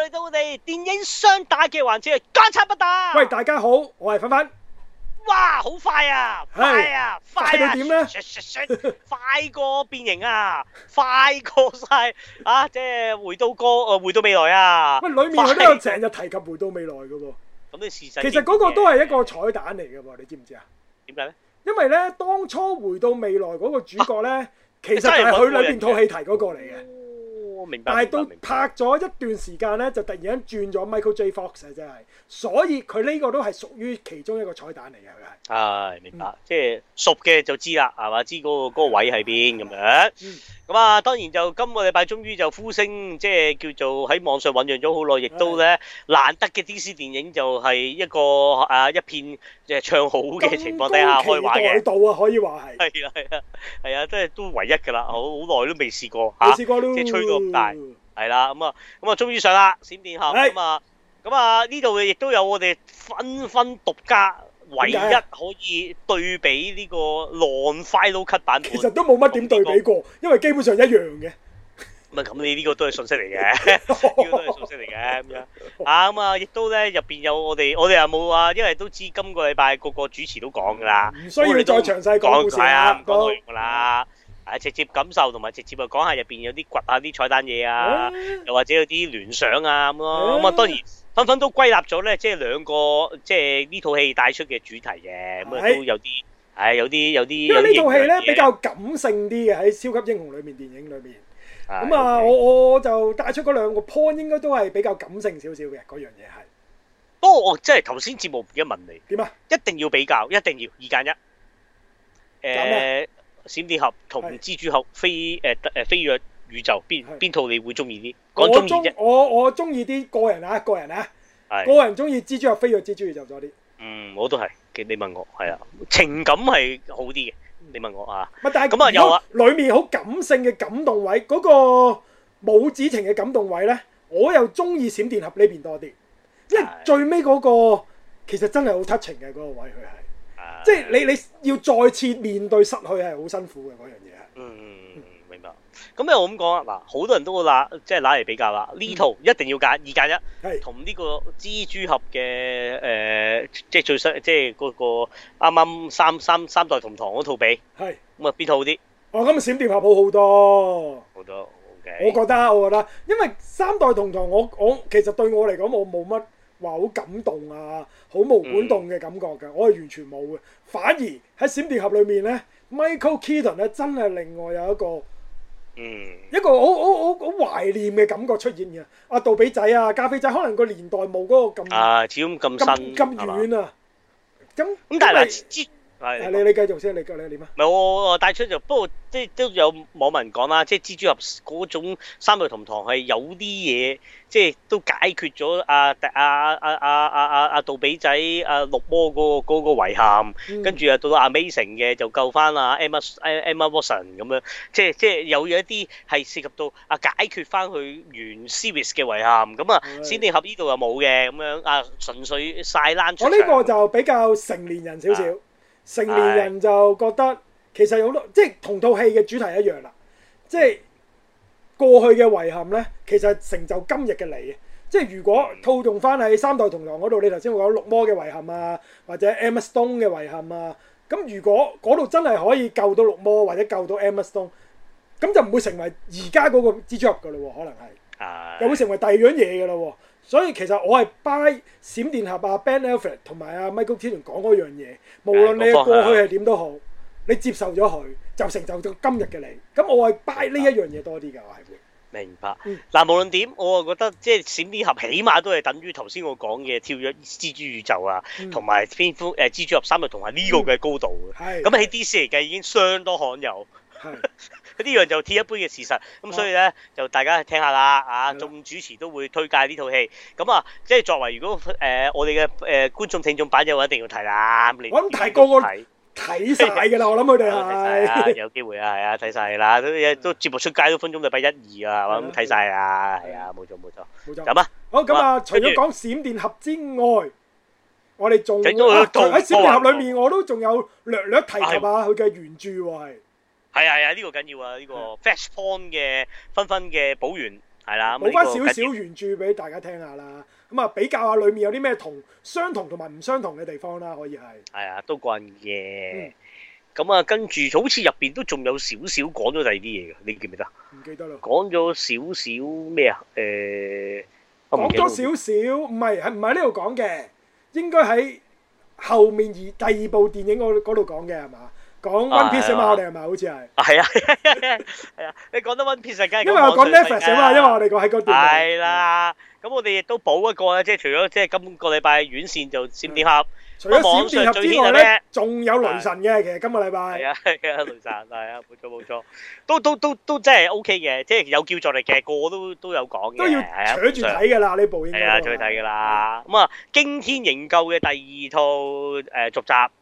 嚟到我哋電影雙打嘅環節，港產不打。喂，大家好，我係分分。哇，好快啊！是快啊！快到犀利點咧？ 快過變形啊！快過晒啊！即係回到個誒，回到未來啊！喂，裏面都有成日提及回到未來嘅噃。咁啲事實，其實嗰個都係一個彩蛋嚟嘅喎，你知唔知啊？點解咧？因為咧，當初回到未來嗰個主角咧，啊、其實係佢裏邊套戲提嗰個嚟、那、嘅、個。但係到拍咗一段時間咧，就突然間轉咗 Michael J Fox 真係，所以佢呢個都係屬於其中一個彩蛋嚟嘅，佢係、啊。明白，即係熟嘅就知啦，係嘛？知嗰、嗰個嗰個位喺邊咁樣。咁啊、嗯，當然就今個禮拜終於就呼聲，即係叫做喺網上醖釀咗好耐，亦都咧的難得嘅 DC 電影就係一個啊一片即係唱好嘅情況底下開畫嘅。高度啊，可以話係。係啊係啊，係啊，真係都唯一㗎啦，好好耐都未試過嚇。未試過都、啊。即係吹到。大係啦，咁啊，咁啊，終於上啦，閃電俠咁啊，咁啊，呢度亦都有我哋紛紛獨家，唯一可以對比呢個 Long Final Cut 版本。其實都冇乜點對比過，因為基本上一樣嘅。咪咁你呢個都係信息嚟嘅，呢個都係信息嚟嘅咁樣。啱啊，亦都咧入邊有我哋，我哋又冇話，因為都知今個禮拜個個主持都講噶啦，唔需要再詳細講故事啦，講完噶啦。直接感受同埋直接啊，講下入邊有啲掘下啲彩蛋嘢啊，又或者有啲聯想啊咁咯。咁啊，當然分分都歸納咗咧，即係兩個，即係呢套戲帶出嘅主題嘅咁啊，都有啲，係有啲有啲。因為呢套戲咧比較感性啲嘅喺超級英雄裏面電影裏面。咁啊，我我就帶出嗰兩個 point 應該都係比較感性少少嘅嗰樣嘢係。不過我即係頭先節目而家問你點啊？一定要比較，一定要二揀一。誒。閃電俠同蜘蛛俠飛誒誒是、呃、飛越宇宙邊邊是套你會中意啲？講中意啫，我我中意啲個人啊，個人啊，是個人中意蜘蛛俠飛越蜘蛛宇宙多啲。嗯，我都係，你問我係啊，情感係好啲嘅，你問我啊，但咁啊有啊，裏面好感性嘅感動位，嗰、那個母子情嘅感動位咧，我又中意閃電俠呢邊多啲，是因為最尾嗰、那個其實真係好 touching 嘅嗰個位，佢係。即係你你要再次面對失去係好辛苦嘅嗰樣嘢。嗯，嗯，明白。咁又我咁講啊，嗱，好多人都會攞即係攞嚟比較啦。呢套一定要揀、嗯、二揀一，係同呢個蜘蛛俠嘅誒、呃，即係最新，即係嗰個啱啱三三三代同堂嗰套比。係咁是啊，邊套好啲？哦，咁啊，閃電俠好好多。好多 OK。我覺得，我覺得，因為三代同堂我，我我其實對我嚟講，我冇乜。話好感動啊，好無管動嘅感覺嘅，嗯、我係完全冇嘅。反而喺閃電俠裏面咧，Michael Keaton 咧真係另外有一個，嗯、一個好好好好懷念嘅感覺出現嘅、啊。阿杜比仔啊，咖啡仔，可能個年代冇嗰個咁啊，始終咁新咁遠啊，咁咁吧但係。但係你你繼續先，你你點啊？唔係我帶出就，不過即係都有網民講啦，即係蜘蛛俠嗰種三代同堂係有啲嘢，即係都解決咗阿阿阿阿阿阿阿杜比仔阿綠魔嗰個嗰個遺憾，跟住啊到到阿 Amazing 嘅就救翻阿 Emma 阿 Emma Watson 咁樣，即係即係有一啲係涉及到阿解決翻佢原 series 嘅遺憾。咁啊，閃電俠呢度又冇嘅咁樣，啊純粹晒冷出場。我呢個就比較成年人少少。成年人就覺得其實有好多即係同套戲嘅主題一樣啦，即係過去嘅遺憾咧，其實成就今日嘅你。即係如果套用翻喺《三代同堂》嗰度，你頭先會講六魔嘅遺憾啊，或者 Emma Stone 嘅遺憾啊，咁如果嗰度真係可以救到六魔或者救到 Emma Stone，咁就唔會成為而家嗰個 Job 噶啦，可能係又會成為第二樣嘢噶啦。所以其實我係 buy 閃電俠啊，Ben Affleck 同埋阿 Michael Keaton 講嗰樣嘢，無論你過去係點都好，你接受咗佢就成就咗今日嘅你。咁我係 buy 呢一樣嘢多啲㗎，我係會明白。嗱，無論點，我係覺得即係閃電俠起碼都係等於頭先我講嘅跳躍蜘蛛宇宙啊，同埋蝙蝠誒蜘蛛俠三日，同埋呢個嘅高度嘅。咁喺 DC 嚟計已經相當罕有。呢樣就鐵一般嘅事實，咁所以咧就大家聽下啦，啊，眾主持都會推介呢套戲，咁啊，即係作為如果誒我哋嘅誒觀眾聽眾朋友，一定要睇啦。我諗睇個個睇睇晒噶啦，我諗佢哋係啊，有機會啊，係啊，睇晒啦，都都節目出街都分鐘就擺一二啊，我諗睇晒啊，係啊，冇錯冇錯冇錯。有乜？好咁啊，除咗講閃電俠之外，我哋仲喺閃電俠裏面，我都仲有略略提及下佢嘅原著係。係啊係啊，呢、這個緊要啊！呢、這個 Flashpoint 嘅分分嘅補完，係啦，冇翻少少原著俾大家聽下啦。咁、嗯、啊，比較下裏面有啲咩同相同同埋唔相同嘅地方啦，可以係。係啊，都慣嘅。咁啊、嗯，跟住好似入邊都仲有少少講咗第二啲嘢嘅，你記唔記得？唔記得啦。講咗少少咩啊？誒、呃，講咗少少，唔係，係唔係呢度講嘅，應該喺後面而第二部電影嗰度講嘅係嘛？講 One Piece 嘛，我哋係咪好似係？係啊，係啊，你講得 One Piece 梗係。因為我講 Netflix 嘛，因為我哋講喺嗰度。係啦，咁我哋亦都補一個咧，即係除咗即係今個禮拜院線，就閃電俠，除咗閃電俠之外咧，仲有雷神嘅。其實今個禮拜係啊，雷神係啊，冇錯冇錯，都都都都真係 OK 嘅，即係有叫做嚟嘅個個都都有講嘅，都要扯住睇噶啦呢部。係啊，再睇噶啦。咁啊，驚天營救嘅第二套誒續集。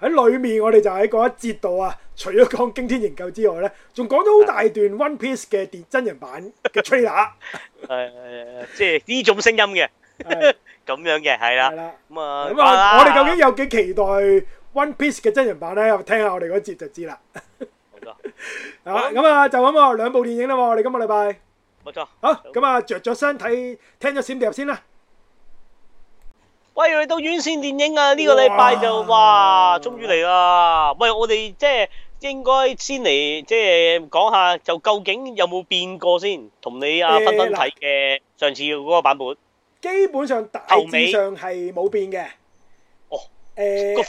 喺裏面我哋就喺嗰一節度啊，除咗講驚天營救之外咧，仲講咗好大段 One Piece 嘅電真人版嘅 trailer，係係即係呢種聲音嘅，咁樣嘅係啦。咁啊，咁啊，我哋究竟有幾期待 One Piece 嘅真人版咧？我聽下我哋嗰節就知啦。冇錯。啊，咁啊，就咁啊，兩部電影啦，我哋今個禮拜。冇錯。好，咁啊，着咗身睇，聽咗閃碟先啦。喂，嚟到院線電影啊！呢、這個禮拜就哇，終於嚟啦！喂，我哋即係應該先嚟即係講下，就究竟有冇變過先？同你啊，分分睇嘅上次嗰個版本，基本上大上頭尾上係冇變嘅。哦，誒、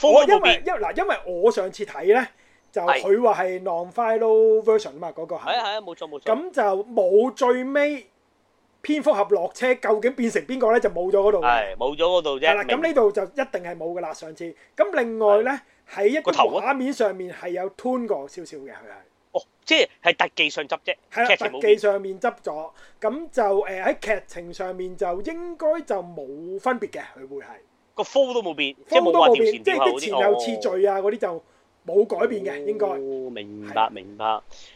呃，我因為因嗱，因為我上次睇咧，就佢話係 non final version 啊嘛的，嗰個係啊係冇錯冇錯。咁就冇最尾。錯蝙蝠俠落車究竟變成邊個咧？就冇咗嗰度嘅，冇咗嗰度啫。係啦了，咁呢度就一定係冇嘅啦。上次咁，另外咧喺的一個畫面上面係有 tune 過少少嘅佢係。哦，即係喺特技上執啫。係啦了，特技上面執咗，咁、嗯、就誒喺、呃、劇情上面就應該就冇分別嘅，佢會係個 form 都冇變 form 都冇變，變變即係啲前後次序啊嗰啲就。哦冇改變嘅，應該。哦，明白，明白。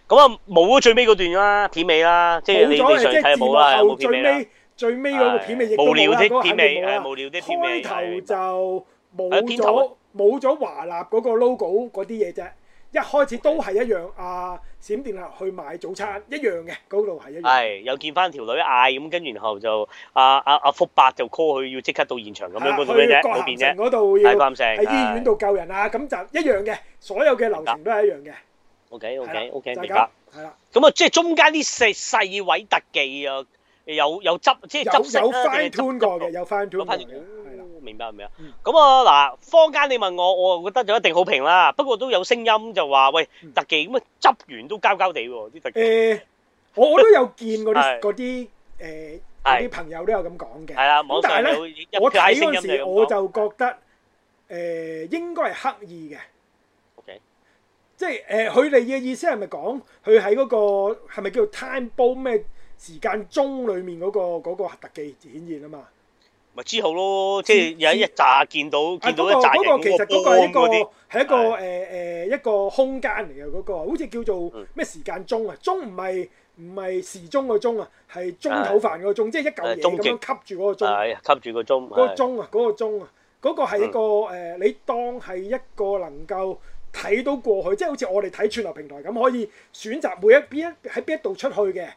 咁啊的，冇咗最尾嗰段啦，片尾啦，即係你，的你上睇就冇啦，冇片的最尾的最尾個片尾亦都無聊啲片尾冇啦。開頭片頭就冇咗冇咗華納嗰個 logo 嗰啲嘢啫，一開始都係一樣啊。 閃電啊，去買早餐一樣嘅，嗰度係一樣。係 又見翻條女嗌咁，跟然後就阿阿阿福伯伯就 call 佢要即刻到現場咁樣。佢國咸城嗰度要喺國醫院度救人啊！咁就的一樣嘅，所有嘅流程都係一樣嘅。 的 OK OK OK，明白。係啦，咁啊，即係中間啲細細位特技啊，有有執即係執色啦，執過嘅，有翻轉過。明白係咪啊？咁啊嗱，坊間你問我，我覺得就一定好評啦。不過都有聲音就話，喂特技咁啊執完都膠膠地喎。啲特技，我我都有見嗰啲嗰啲誒嗰啲朋友都有咁講嘅。係啊，但係咧我睇嗰時我就覺得誒應該係刻意嘅。O K，即係誒佢哋嘅意思係咪講佢喺嗰個係咪叫 time ball 咩時間鐘裏面嗰個嗰個特技顯現啊嘛？咪之後咯，即係有一日扎見到見、嗯、到一紮嘢咁嘅光嗰啲。其實係一個誒誒一，的、呃、一個空間嚟嘅嗰個，好似叫做咩時間鐘啊？鐘唔係唔係時鐘個鐘啊，係鐘頭飯的個鐘，即係一嚿嘢咁樣吸住嗰個鐘，吸住個鐘。嗰個鐘啊，嗰個鐘啊，嗰個係的、那個那個、一個誒，的你當係一個能夠睇到過去，的即係好似我哋睇串流平台咁，可以選擇每一邊一喺邊一度出去嘅。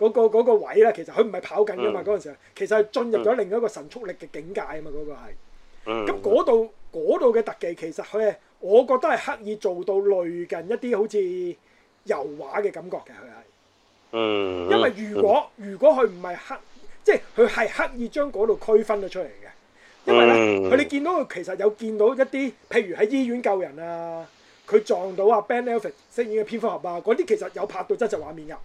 嗰、那個那個位啦，其實佢唔係跑緊㗎嘛，嗰陣時，其實係進入咗另一個神速力嘅境界啊嘛，嗰、那個係。咁嗰度度嘅特技其實佢，我覺得係刻意做到類近一啲好似油畫嘅感覺嘅，佢係。嗯。因為如果如果佢唔係刻意，即係佢係刻意將嗰度區分咗出嚟嘅。因為咧，佢、嗯、你見到佢其實有見到一啲，譬如喺醫院救人啊，佢撞到阿 Ben Affleck 飾演嘅蝙蝠俠啊，嗰啲其實有拍到真實畫面㗎。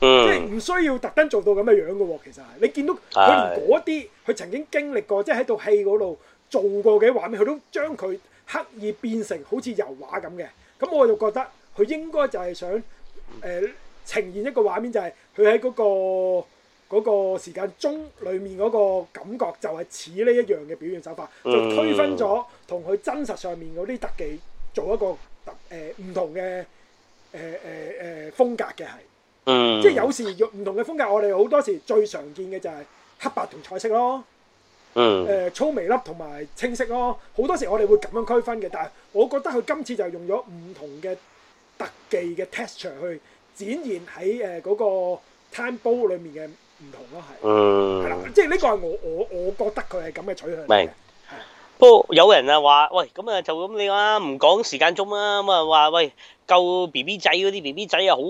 嗯、即係唔需要特登做到咁嘅樣嘅、啊，其實係你見到佢連嗰啲佢曾經經歷過，即係喺套戲嗰度做過嘅畫面，佢都將佢刻意變成好似油畫咁嘅。咁我就覺得佢應該就係想誒、呃、呈現一個畫面就、那個，就係佢喺嗰個嗰個時間中裏面嗰個感覺，就係似呢一樣嘅表現手法，就區分咗同佢真實上面嗰啲特技做一個特誒唔同嘅誒誒誒風格嘅係。呃呃呃嗯、即係有時用唔同嘅風格，我哋好多時最常見嘅就係黑白同彩色咯。嗯，誒、呃，粗微粒同埋清晰咯，好多時我哋會咁樣區分嘅。但係我覺得佢今次就用咗唔同嘅特技嘅 texture 去展現喺誒嗰個 time 煲裏面嘅唔同咯，係。嗯，係啦，即係呢個係我我我覺得佢係咁嘅取向。明白。係的。不過有人啊話，喂，咁啊就咁你啊唔講時間鐘啦，咁啊話喂。救 B B 仔嗰啲 B B 仔啊，好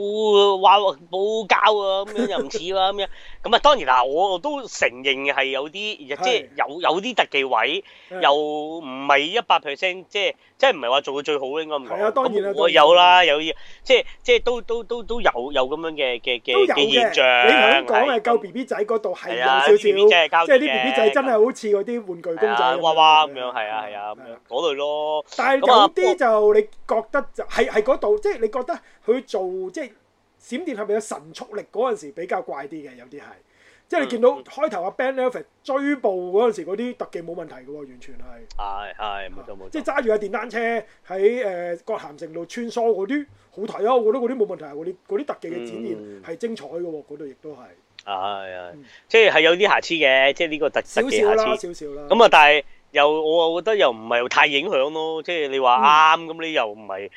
哇，冇教啊，咁樣又唔似喎咁樣。咁啊，當然啦，我都承認係有啲，即係有有啲特技位，又唔係一百 percent，即係即係唔係話做到最好咯，應該唔同。當然啦，我有啦，有啲，即係即係都都都都有有咁樣嘅嘅嘅現象。你係咁講係救 B B 仔嗰度係啊，即係啲 B B 仔真係好似嗰啲玩具公仔娃娃咁樣，係啊係啊咁樣嗰類咯。但係有啲就你覺得就係喺嗰度。即係你覺得佢做即係閃電係咪有神速力嗰陣時比較怪啲嘅？有啲係，即係你見到開頭阿 Ben Affleck 追捕嗰陣時嗰啲特技冇問題嘅喎，完全係係係冇錯冇錯，即係揸住架電單車喺誒葛咸城度穿梭嗰啲好睇咯。我覺得嗰啲冇問題，嗰啲嗰啲特技嘅展現係精彩嘅喎，嗰度亦都係係係即係係有啲瑕疵嘅，即係呢個特特技瑕疵少少啦少少啦咁啊！但係又我覺得又唔係太影響咯，即係你話啱咁，你又唔係。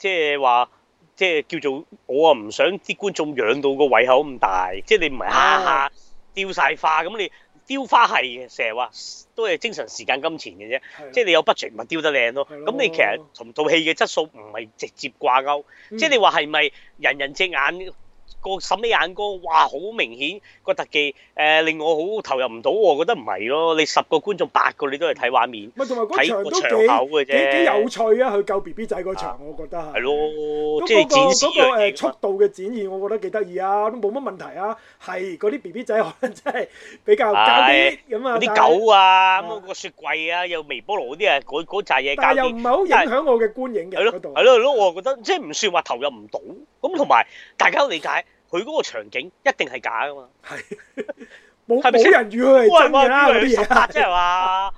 即係話，即係叫做我啊，唔想啲觀眾養到個胃口咁大。即係你唔係下下雕晒花，咁你雕花係成日話都係精神時間金錢嘅啫。即係的你有 budget 咪雕得靚咯。咁的你其實同套戲嘅質素唔係直接掛鈎。即係你話係咪人人隻眼？個審美眼光，哇，好明顯個特技，誒，令我好投入唔到，我覺得唔係咯。你十個觀眾八個，你都係睇畫面，睇個場口嘅啫。幾有趣啊，去救 B B 仔個場，我覺得係。係咯，即係展個嗰個誒速度嘅展現，我覺得幾得意啊，都冇乜問題啊。係嗰啲 B B 仔可能真係比較搞啲咁啊。啲狗啊，咁個雪櫃啊，又微波爐嗰啲啊，嗰嗰扎嘢，搞唔係好影響我嘅觀影。係咯，係咯，咯，我又覺得即係唔算話投入唔到。咁同埋大家都理解。佢嗰個場景一定係假噶嘛，係冇冇人與佢嚟震噶啦，佢實拍啫係嘛？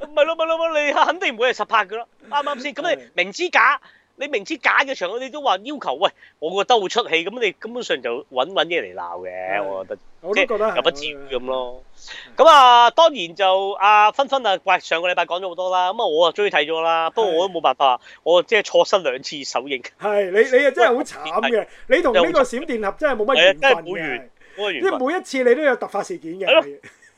唔係咯，唔係咯，你肯定唔會係實拍噶咯，啱啱先？咁你明知假？你明知假嘅場，你都話要求喂，我覺得會出戲，咁你根本上就揾揾嘢嚟鬧嘅，我覺得。我都覺得又不至於咁咯。咁啊，當然就啊，芬芬啊，喂，上個禮拜講咗好多啦。咁啊，我啊終於睇咗啦。不過我都冇辦法，我即係錯失兩次首映。係你你啊真係好慘嘅，你同呢個閃電俠真係冇乜緣分嘅。真係冇緣。即係每一次你都有突發事件嘅。係咯。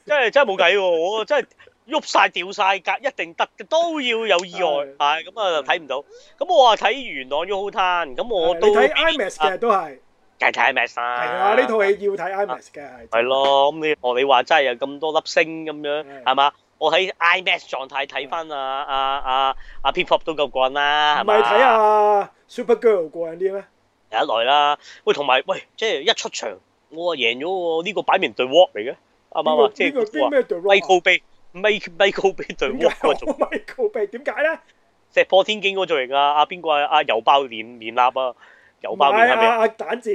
真係真係冇計喎，真係。喐曬，掉曬格，一定得嘅都要有意外。係咁啊，睇唔到咁。我話睇元朗又好嘆，咁我都睇 imax 嘅都係梗係睇 imax 係啊。呢套戲要睇 imax 嘅係咯。咁你哦，你話真係有咁多粒星咁樣係嘛？我喺 imax 狀態睇翻啊啊啊啊！P-pop 都夠棍啦，唔係睇啊 Super Girl 過癮啲咩？有得來啦喂，同埋喂，即係一出場我話贏咗呢個擺明對 walk 嚟嘅啱唔啱啊？即係威高杯。make make up 俾隊蝸啊！做 make b p 俾點解咧？Oh, 石破天驚嗰個造型啊！阿邊個啊？阿油爆面面臘啊！油爆面臘咩？啊，啊！蛋字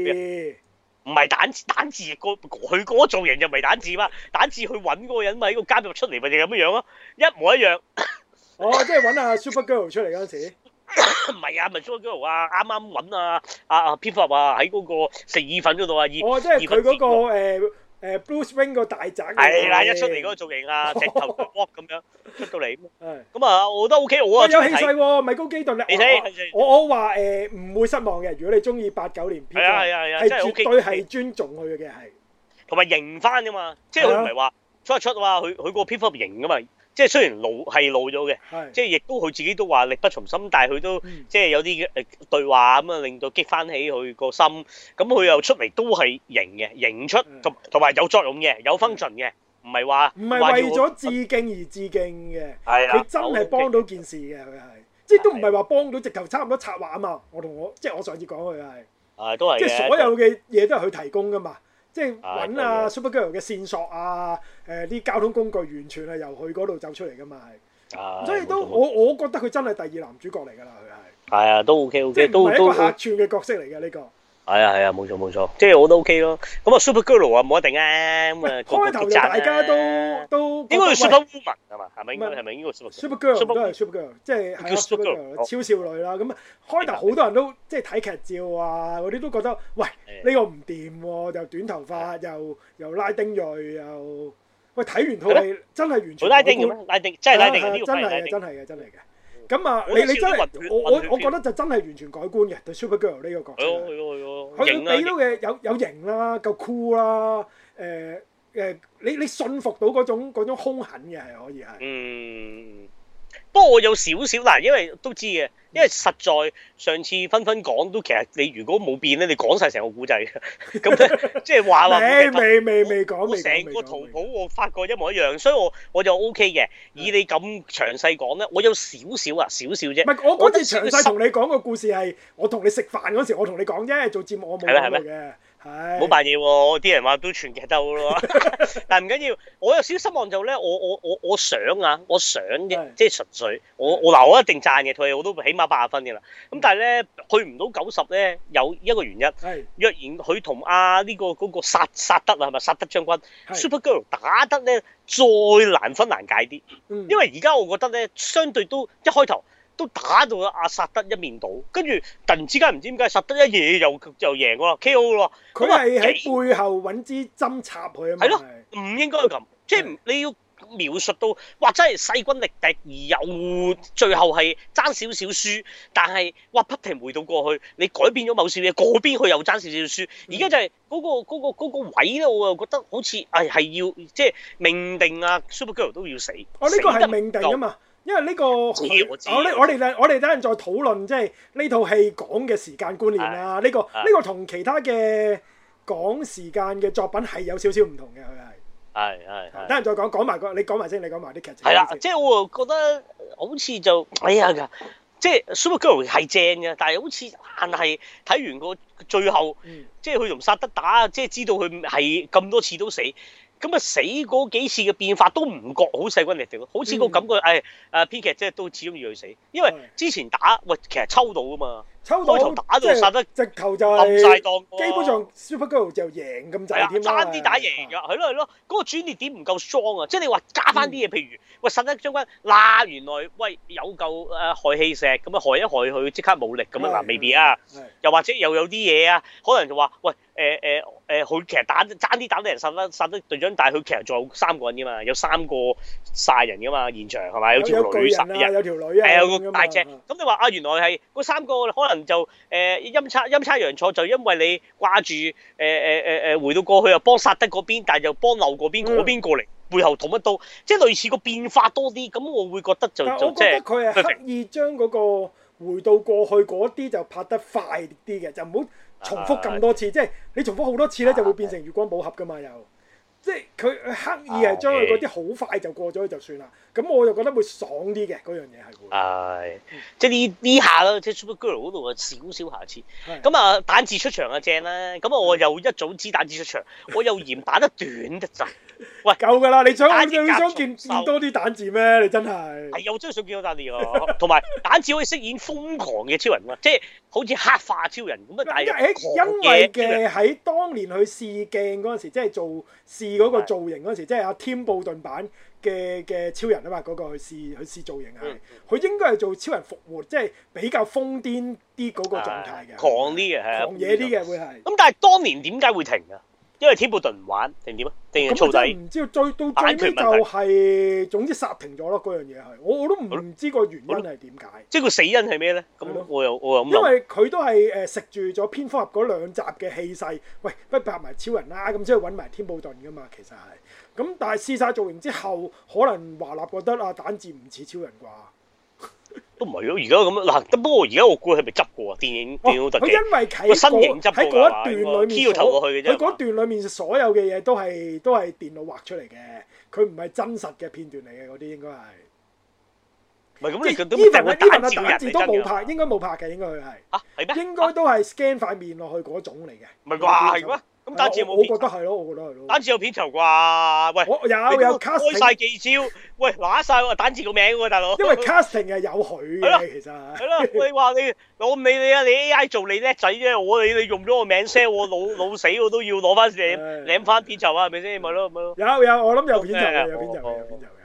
唔係蛋，蛋字蛋字佢嗰個造型就唔係蛋字嘛？蛋字去揾嗰個人咪喺個監獄出嚟咪就咁樣樣、啊、咯，一模一樣。哦 ，oh, 即係揾阿 Super Girl 出嚟嗰陣時，唔係 啊，咪 Super Girl 啊，啱啱揾啊阿 p i 蝙蝠啊喺嗰、啊、個食意粉嗰度啊，oh, 意意佢節目。誒，Bruce Wayne 個大宅係啦，一出嚟嗰個造型啊，直頭突突咁樣出到嚟，咁啊，我覺得 O K 好啊，有氣勢喎，米高基頓啦，我我話誒，唔會失望嘅，如果你中意八九年 p e o p 係啊係啊係，絕對係尊重佢嘅係，同埋贏翻噶嘛，即係佢唔係話出一出哇，佢佢個 p e o p 贏噶嘛。即係雖然老係老咗嘅，即係亦都佢自己都話力不從心，但係佢都即係有啲誒對話咁啊，令到激返起佢個心。咁佢又出嚟都係型嘅，型出，同同埋有作用嘅，有分寸嘅，唔係話唔係為咗致敬而致敬嘅。係啊、嗯，佢真係幫到件事嘅，佢係即係都唔係話幫到，直頭差唔多策劃啊嘛。我同我即係我上次講佢係啊，都係即係所有嘅嘢都係佢提供噶嘛。即係揾啊 Supergirl 嘅線索啊！誒、呃、啲交通工具完全係由佢嗰度走出嚟噶嘛係，啊、所以都錯我我覺得佢真係第二男主角嚟噶啦佢係係啊，都 OK OK 都都。即係唔係一個客串嘅角色嚟嘅呢個。係啊係啊，冇錯冇錯，即係我都 OK 咯。咁啊，Super Girl 啊，冇一定啊。咁啊，開頭大家都都應該係 Super Woman 啊嘛，係咪？唔係係咪？應該 Super Super Girl 都係 Super Girl，即係係啊，Super Girl 超少女啦。咁啊，開頭好多人都即係睇劇照啊，嗰啲都覺得喂呢個唔掂喎，又短頭髮，又又拉丁裔，又喂睇完套戲真係完全拉丁拉丁真係拉丁，真係真係嘅真係嘅。咁啊！你你真係我我我覺得就真係完全改觀嘅，對 Super Girl 呢個角色，佢俾到嘅有、啊、有型啦，夠 cool 啦，誒誒、呃呃，你你信服到嗰種嗰種凶狠嘅係可以係。嗯。不過我有少少難，因為都知嘅，因為實在上次分分講都，其實你如果冇變咧，你講晒成個古仔，咁即係話你未未未講，成個淘寶說我發覺一模一樣，說所以我我就 O K 嘅。的以你咁詳細講咧，我有少少啊，少少啫。唔係我嗰次詳細同你講個故事係我同少你食飯嗰時我同你講啫，做節目我冇嘅。冇扮嘢喎，啲、啊、人話都全劇透咯喎， 但係唔緊要，我有少少失望就咧，我我我我想啊，我想是即係純粹，我我嗱一定讚嘅，佢我都起碼八十分嘅啦。咁但係咧，去唔到九十咧，有一個原因，係是若然佢同阿呢個嗰、嗰個薩，薩德啊，係咪薩德將軍是 Super Girl 打得咧，再難分難解啲，嗯、因為而家我覺得咧，相對都一開頭。都打到阿、啊、薩德一面倒，跟住突然之間唔知點解薩德一嘢又又，又贏喎，K.O. 喎。佢係喺背後揾支針插佢啊嘛。係咯的，唔是的 應該咁，即係你要描述到，哇真係勢均力敵，而又最後係爭少少輸。但係哇，不停回到過去，你改變咗某少嘢，嗰邊佢又爭少少輸。而家、嗯、就係嗰、嗰個嗰、嗰個嗰個嗰個、位咧，我又覺得好似係係要即係命定啊！Super Girl 都要死。哦，呢個係命定啊嘛。因為呢、這個，我我我哋等我哋等陣再討論，即係呢套戲講嘅時間觀念啊。呢個呢個同其他嘅講時間嘅作品係有少少唔同嘅，佢係係係，等陣再講，講埋個你講埋先，你講埋啲劇情。係啦，即係我又覺得好似就哎呀噶，即係《Supergirl》係正嘅，但係好似硬係睇完個最後，嗯、即係佢同沙德打，即係知道佢係咁多次都死。咁啊死嗰幾次嘅變化都唔覺好細，軍力好似個感覺，誒誒編劇即係都始終要佢死，因為之前打喂，其實抽到啊嘛，抽到打到，殺得直頭就晒檔，基本上 Supergirl 嗰度就贏咁滯添，爭啲打贏㗎，係咯係咯，嗰個轉折點唔夠裝啊，即係你話加翻啲嘢，譬如喂殺得將軍嗱，原來喂有嚿誒害氣石咁啊，害一害佢即刻冇力咁啊嗱，未必啊，又或者又有啲嘢啊，可能就話喂。誒誒誒，佢、呃呃、其實打爭啲打啲人殺得殺得隊長，但係佢其實仲有三個人㗎嘛，有三個殺人㗎嘛，現場係咪有條女殺人？有人、啊？有條女啊、呃！係有個大隻。咁你話啊，原來係嗰三個可能就誒陰、呃、差陰差陽錯，就因為你掛住誒誒誒誒回到過去啊，幫殺得嗰邊，但係就幫漏嗰邊嗰、嗯、邊過嚟背後捅一刀，即係類似個變化多啲。咁我會覺得就就即係刻意將嗰個回到過去嗰啲就拍得快啲嘅，就唔好。重複咁多次，uh, 即係你重複好多次咧，就會變成月光寶盒噶嘛。又、uh, 即係佢刻意係將佢嗰啲好快就過咗就算啦。咁、uh, okay. 我又覺得會爽啲嘅嗰樣嘢係。係、uh, 嗯，即係呢呢下咯，即係 Super Girl 嗰度啊，少少瑕疵。咁啊的，蛋字出場啊正啦。咁啊，我又一早知蛋字出場， 我又嫌打得短得滯。 喂，夠噶啦！你想你想見多啲蛋字咩？你真係係又真係想見到蛋字啊！同埋 蛋字可以飾演瘋狂嘅超人啊，即係好似黑化超人咁啊！因因為嘅喺當年佢試鏡嗰陣時，即係做試嗰個造型嗰陣時，的即係阿 Tim Burton 版嘅嘅超人啊、那、嘛、個，嗰個去試去試造型啊，佢、嗯、應該係做超人復活，即係比較瘋癲啲嗰個狀態嘅，狂啲嘅係狂野啲嘅會係是。咁但係當年點解會停啊？因為添布頓唔玩定點啊？定係粗仔、嗯？唔、嗯嗯嗯嗯、知道最到最尾就係、是，總之殺停咗咯。嗰樣嘢係，我我都唔唔知個原因係點解。即係個死因係咩咧？咁、嗯嗯、我，我又我又因為佢都係誒食住咗蝙蝠俠嗰兩集嘅氣勢，喂，不如拍埋超人啦，咁即係搵埋添布頓噶嘛，其實係。咁但係試晒造型之後，可能華納覺得啊，蛋治唔似超人啩？都唔係咯，而家咁嗱，不過而家我估係咪執過啊？電影、哦、電腦特技個身形執過噶，P 到頭過去嘅啫。佢嗰段裏面所有嘅嘢都係都係電腦畫出嚟嘅，佢唔係真實嘅片段嚟嘅，嗰啲應，應該係。唔係咁，你？Even，Even，打字都冇拍，應該冇拍嘅，應該佢係啊，係咩？應該都係 scan 塊、啊、面落去嗰種嚟嘅，唔係啩？係咩、啊？咁單字冇，我覺得係咯，我覺得係咯。單字有片酬啩？喂，我有有 casting，開曬幾招？喂，拿曬我單字個名喎，大佬。因為 casting 係有佢嘅，其實。係咯，你話你攞唔理你啊？你 AI 做你叻仔啫，我你你用咗我名聲，我老老死我都要攞翻你，領翻片酬啊？係咪先？咪咯，咪咯。有有，我諗有片酬嘅，有片酬嘅，有片酬嘅。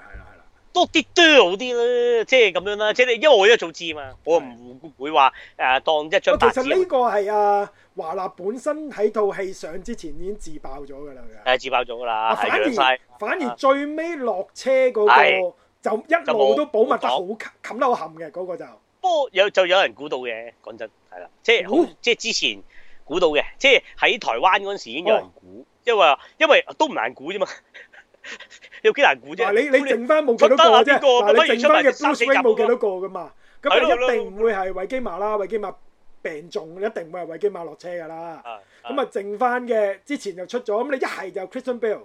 多啲都好啲啦，即係咁樣啦，即係因為我一早知啊嘛，我唔會話誒的當一張白紙。其實呢個係阿、啊、華納本身喺套戲上之前已經自爆咗㗎啦，係自爆咗㗎啦。啊、的反而的反而最尾落車嗰、那個的就一路都保密得好冚摟冚嘅嗰個就。不過有、哦、就有人估到嘅，講真係啦，即係好即係之前估到嘅，即係喺台灣嗰時已經有人估，因為、哦、因為都唔難估啫嘛。 你有幾難估啫，啊，你你剩翻冇幾多個啫，嗱，這個啊，你剩翻嘅 bulls 威冇幾多個噶嘛，咁了一定唔會係維基瑪啦，維基瑪病重一定唔會係維基瑪落車噶啦，咁啊剩翻嘅之前就出咗，咁你一係就 Christian Bale，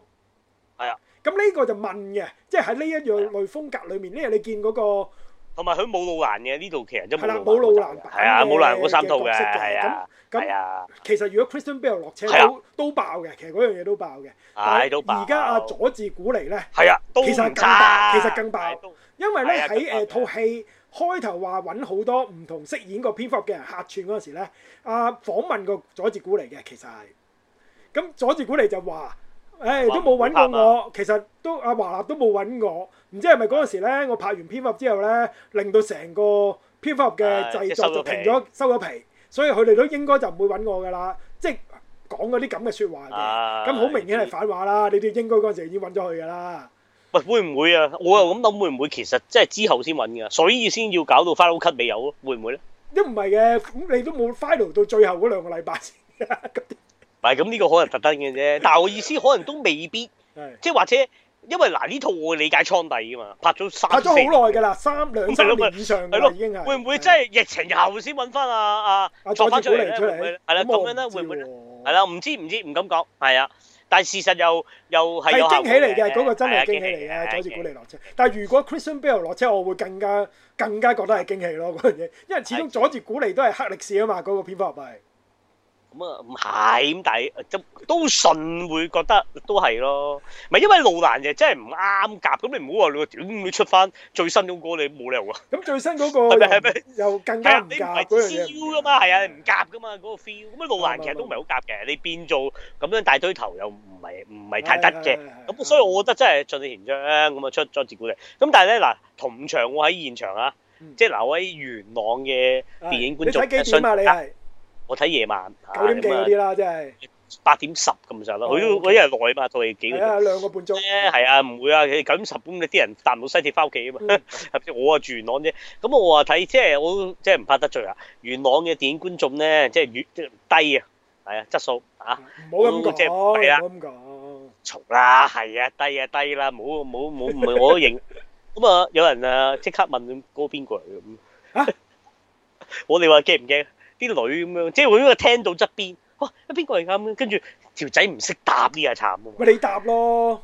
係啊，咁呢的個就問嘅，即係喺呢一樣類風格裏面，呢的你見嗰，那個。同埋佢冇露顏嘅，呢套劇人真係冇露顏，係啊冇露顏嗰三套嘅，係啊咁，咁其實如果 Christian Bale 落車都都爆嘅，其實嗰樣嘢都爆嘅，係都爆。而家阿佐治古嚟咧，係啊，其實更爆。其實更爆，因為咧喺誒套戲開頭話搵好多唔同飾演個蝙蝠俠嘅人客串嗰陣時咧，阿訪問個佐治古嚟嘅，其實係咁，佐治古嚟就話。誒、哎、都冇揾過我，其實都阿華納都冇揾我，唔知係咪嗰陣時咧，我拍完、P《蝙蝠之後咧，令到成個、P《蝙蝠嘅製作就停咗收咗皮，所以佢哋都應該就唔會揾我噶啦，即係講嗰啲咁嘅說話嘅，咁好明顯係反話啦。你哋應該嗰陣時已經揾咗佢噶啦。喂，會唔會啊？我又咁諗，會唔會其實即係之後先揾嘅，所以先要搞到 final cut 未有咯？會唔會咧？都唔係嘅，咁你都冇 final 到最後嗰兩個禮拜 ，唔係咁，呢個可能特登嘅啫，但係我意思可能都未必，即係或者，因為嗱呢套我理解倉底噶嘛，拍咗拍咗好耐㗎啦，三兩年以上㗎啦，已經係。會唔會真係疫情又先揾翻啊啊，撞翻出嚟咧？係啦、啊，咁樣咧會唔會？係啦、啊，唔、啊、知唔知，唔敢講。係啊，但係事實又又係驚喜嚟嘅，嗰、那個真係驚喜嚟嘅，佐治、啊啊、古尼落車。的但係如果 Christian Bale 落車，我會更加更加覺得係驚喜咯嗰樣嘢，因為始終佐治古尼都係黑歷史啊嘛，嗰、那個蝙蝠俠係。咁啊，唔係咁，但係都都信會覺得都係咯，咪因為路蘭就真係唔啱夾，咁你唔好話你個短嘅出翻最新嗰個，你冇理由啊。咁最新嗰個係咪係咪又更加唔、啊、你唔係 feel 噶嘛，係、那、啊、個，唔夾噶嘛嗰個 feel，咁啊路蘭其實都唔係好夾嘅，是不是不是你變做咁樣大堆頭又唔係唔係太得嘅，咁所以我覺得真係盡力而張咁啊出咗自古嚟，咁但係咧嗱，同場我喺現場啊，嗯、即係嗱我喺元朗嘅電影觀眾是、啊，你睇幾我睇夜晚九點幾啲啦，真係八點十咁上下。佢一日內嘛，大約幾個？啊，兩個半鐘咧。係啊，唔會啊。佢九點十咁，你啲人搭唔到西鐵翻屋企啊嘛。嗯、 我啊住元朗啫，咁我話睇即係我即係唔怕得罪啊。元朗嘅電影觀眾咧，即係越低啊，係啊，質素啊，唔好、哦、即講、啊，唔好咁講，嘈啦，係啊，低啊，低啦、啊，冇冇冇，我都認。咁啊，有人啊即刻問哥邊個嚟咁我哋話驚唔驚？啲女咁樣，即係喺個聽到側邊，哇！邊個嚟㗎咁？跟住條仔唔識答，呢啊慘啊！喂，你答咯！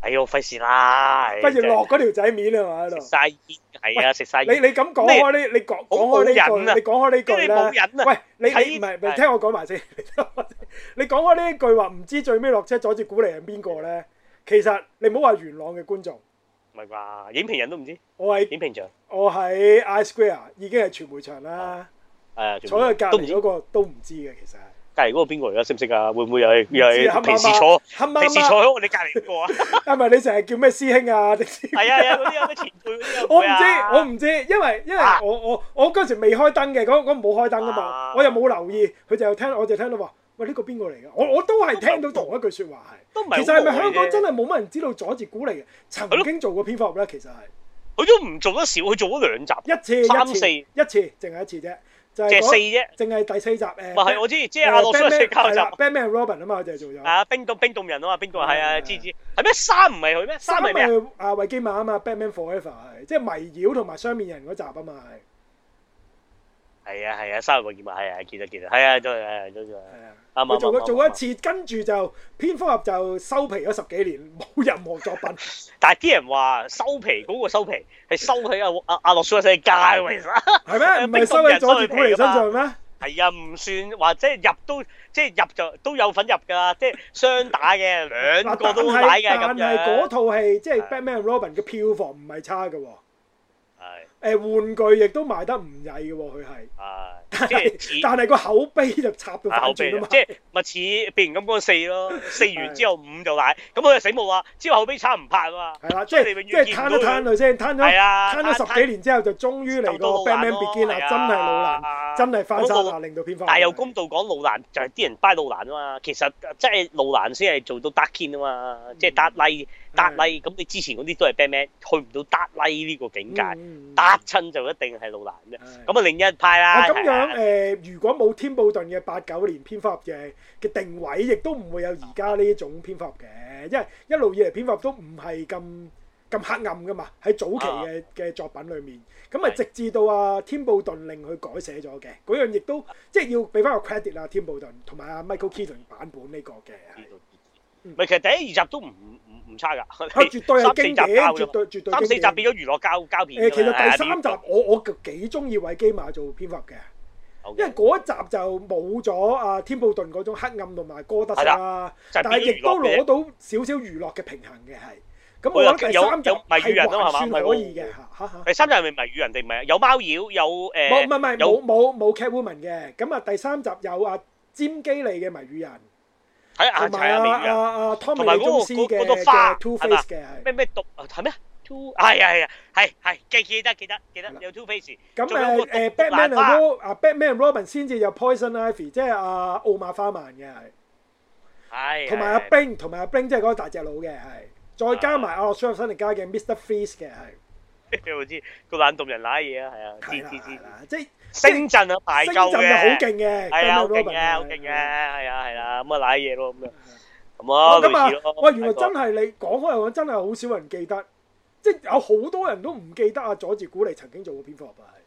哎呦，費事啦！不如落嗰條仔面啊嘛喺度，嘥煙啊，食曬你你咁講啊？呢你講講開呢句，你講開呢句啦。喂，你唔係唔係聽我講埋先？你講開呢一句話，唔知最尾落車阻止古尼係邊個咧？其實你唔好話元朗嘅觀眾，唔係啩？影評人都唔知。我喺影評場，我喺 I Square 已經係傳媒場啦。坐喺隔籬個都唔知嘅，其實係隔籬嗰個邊個嚟啊？識唔識啊？會唔會又係又係平時坐，平時坐喺我哋隔籬個啊？係咪你成日叫咩師兄啊？定係啊啊嗰啲啲前輩我唔知，我唔知，因為因為我我我嗰時未開燈嘅，嗰嗰冇開燈噶嘛，我又冇留意，佢就聽，我就聽到話，喂，呢個邊個嚟噶？我我都係聽到同一句說話係，其實係咪香港真係冇乜人知道佐治古尼嘅？曾經做過蝙蝠俠咧，其實係，佢都唔做得少，佢做咗兩集，一次、一次、一次，淨係一次啫。就係四啫，淨係第四集誒。唔係我知，即係阿老斯最後集。Batman Robin 啊嘛，我淨係做咗。啊，冰凍冰凍人啊嘛，冰凍啊，係啊，蜘知？係咩三唔係佢咩？三係咩？阿維基曼啊嘛，Batman Forever 即係迷妖同埋雙面人嗰集啊嘛係啊係啊，三個節目係啊，見啊見啊，係啊都係，都係。係啊，佢做過做一次，跟住就蝙蝠俠就收皮咗十幾年，冇任何作品。但係啲人話收皮嗰個收皮係收喺阿阿阿洛蘇阿世界，其實係咩？係收喺佐治古尼身上咩？係啊，唔算話即係入都即係入就都有份入噶，即係雙打嘅兩個都打嘅咁樣。但係嗰套戲即係 Batman Robin 嘅票房唔係差嘅。係。誒，玩具亦都賣得唔曳嘅喎，佢係，但係但係個口碑就插到白轉啊嘛，即係咪似，譬如咁嗰個四咯，四完之後五就爛，咁佢就死冇啊，之後口碑差唔拍啊嘛，即係即係攤都攤佢先，攤咗，攤咗十幾年之後就終於嚟到，真係老難，真係翻生，令到片翻，但有公道講老難就係啲人 buy 老難啊嘛，其實即係老難先係做到達見啊嘛，即係達麗。德拉，咁你的之前嗰啲都係 band band 去唔到德拉呢個境界，德親、嗯、就一定係老難嘅。咁啊的，另一派啦，咁、啊、樣誒，呃、如果冇天布頓嘅八九年蝙蝠俠嘅嘅定位，亦都唔會有而家呢一種蝙蝠俠嘅，因為一路以嚟蝙蝠俠都唔係咁咁黑暗噶嘛，喺早期嘅嘅作品裏面，咁啊、嗯嗯、直至到阿、啊、天布頓令佢改寫咗嘅，嗰樣亦都即係要俾翻個 credit 啊天布頓同埋阿 Michael Keaton 版本呢個嘅，咪對其實第一二集都唔唔差噶，係絕對係經典，絕對絕對。三四集變咗娛樂膠膠片。誒，其實第三集我我幾鍾意維基馬做編劇嘅，因為嗰集就冇咗啊添布頓嗰種黑暗同埋哥德式啦，但係亦都攞到少少娛樂嘅平衡嘅係。咁嗰集有有謎語人咯，係嘛？唔係可以嘅嚇嚇。第三集咪謎語人定唔係啊？有貓妖有誒，冇冇冇冇 Catwoman 嘅。咁啊第三集有啊詹基利嘅謎語人。係啊，同埋嗰個嗰嗰朵花係嘛？咩咩毒啊？係咩啊？Two 係啊係啊係係記記得記得記得,記得啦有 two face 咁誒誒，Batman 同阿阿 Batman Robin 先至有 Poison Ivy，即係阿奧馬花曼嘅係，係同埋阿 Bling 同埋阿 Bling 即係嗰個大隻佬嘅係，再加埋阿諾舒華辛力加嘅 Mr Freeze 嘅係。我知個冷凍人瀨嘢啊，係啊，知知知，即係星陣啊，排星陣嘅，好勁嘅，係啊，勁嘅，好勁嘅，係啊，係啦，咁啊瀨嘢咯，咁樣，咁啊，咁啊，喂，原來真係你講開又講，真係好少人記得，即係有好多人都唔記得啊，佐治古尼曾經做過蝙蝠俠。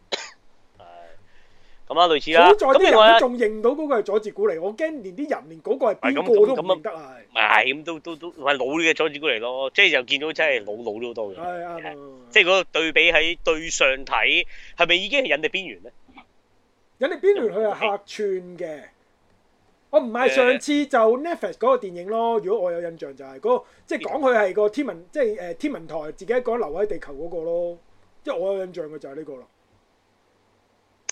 咁啊，類似啦。好在啲人都仲認到嗰個係佐治古嚟，因為 我驚連啲人連嗰個係邊個都唔得啊！咪係咁都都都係老呢嘅佐治古嚟咯，即係就見到真係老老咗好多嘅。係啊，即係嗰個對比喺對上睇，係咪已經係引力邊緣咧？引力邊緣佢係客串嘅、嗯，我唔係上次就 Netflix 嗰個電影咯。如果我有印象就係嗰個、嗯，即係講佢係個天文，即係誒天文台自己一個留喺地球嗰個咯。即係我有印象嘅就係呢個咯。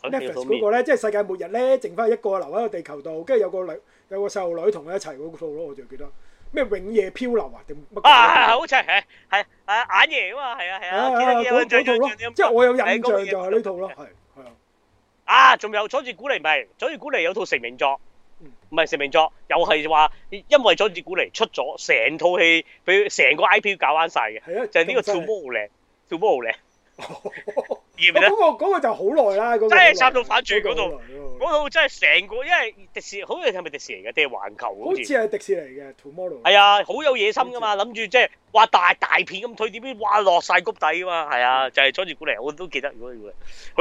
Netflix 嗰個咧，即係世界末日咧，剩翻一個留喺個地球度，跟住有個女，有個細路女同佢一齊嗰套咯，我就記得。咩永夜漂流啊？定乜啊？係好似係係係眼影啊嘛，係啊係啊，記得依兩張咯。即係我有印象就係呢套咯，係係啊。啊，仲有佐治古尼咪？佐治古尼有套成名作，唔係成名作，又係話因為佐治古尼出咗成套戲，俾成個 IP 搞翻晒嘅，係啊，就係呢個《Tomorrowland Tomorrowland 嗰個嗰個就好耐啦，嗰個真係殺到反轉嗰度，嗰度真係成個，因為迪士尼，好似係咪迪士尼嘅定係環球？好似係迪士尼嘅。Tomorrow。係啊，好有野心㗎嘛，諗住即係挖大大片咁推，佢點知哇落晒谷底㗎嘛？係啊，就係裝住古靈，我都記得。如果要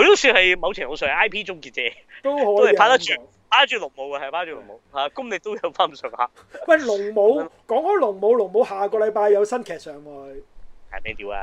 佢都算係某程度上 I P 終結者，都係拍得住。拍得住龍母嘅係，拍得住龍母嚇，咁你的、啊、都有返咁上下？喂，龍母講開 龍母，龍母下個禮拜有新劇上喎。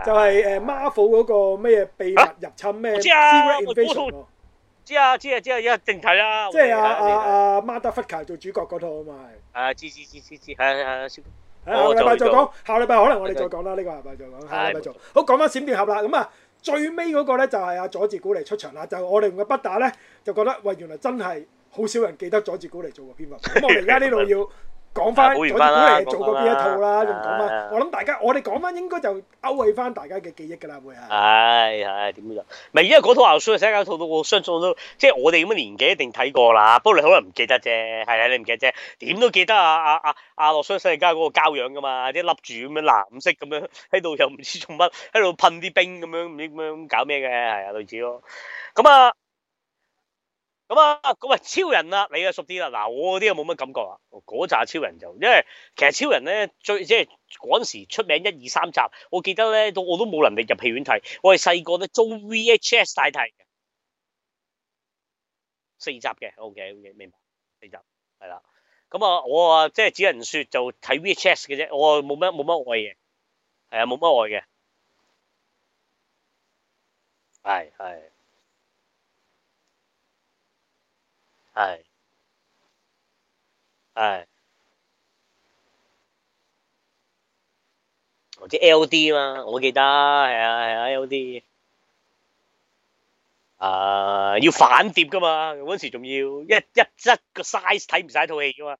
就係誒，Marvel 嗰個咩秘密入侵咩？知啊，知啊，知啊，知啊，一定睇啦。即係阿阿阿馬特福奇做主角嗰套啊嘛係。啊、oh, yeah,，知知知知知，係係係。下禮拜再講，下禮拜可能我哋再講啦。呢個下禮拜再講，下禮拜做好講翻閃電俠啦。咁啊，最尾嗰個咧就係阿佐治古尼出場啦。就我哋用個筆打咧，就覺得喂，原來真係好少人記得佐治古尼做過蝙蝠。咁我哋而家呢度要。講翻，講啦。好嘅嘢，做過邊一套啦？仲講翻？啊、我諗大家，啊、我哋講翻應該就勾起翻大家嘅記憶噶啦，會啊！係係點咧？就、哎、咪因為嗰套阿諾舒華辛力加嗰套，我相信都即係我哋咁嘅年紀一定睇過啦。不過你好可能唔記得啫，係啊，你唔記得啫，點都記得啊！阿阿阿阿諾舒華辛力加嗰個膠樣噶嘛，即係笠住咁樣藍色咁樣喺度，又唔知做乜喺度噴啲冰咁樣，唔知咁樣搞咩嘅，係啊，類似咯。咁啊。啊咁啊，咁啊、嗯，超人啊，你啊熟啲啦。嗱，我嗰啲又冇乜感覺啊。嗰集超人就，因為其實超人咧最即係嗰陣時出名一二三集，我記得咧都我都冇能力入戲院睇，我係細個咧租 VHS 代替嘅，四集嘅。O、OK, K，、OK，明白，四集係啦。咁啊，我啊即係只能說就睇 VHS 嘅啫，我冇乜冇乜愛嘅，係啊，冇乜愛嘅。係、哎、係。哎係，係，我知 L D 啊嘛，我記得，係啊，係啊，L D，啊，要反碟噶嘛，嗰陣時仲要一一側個 size 睇唔晒套戲噶嘛，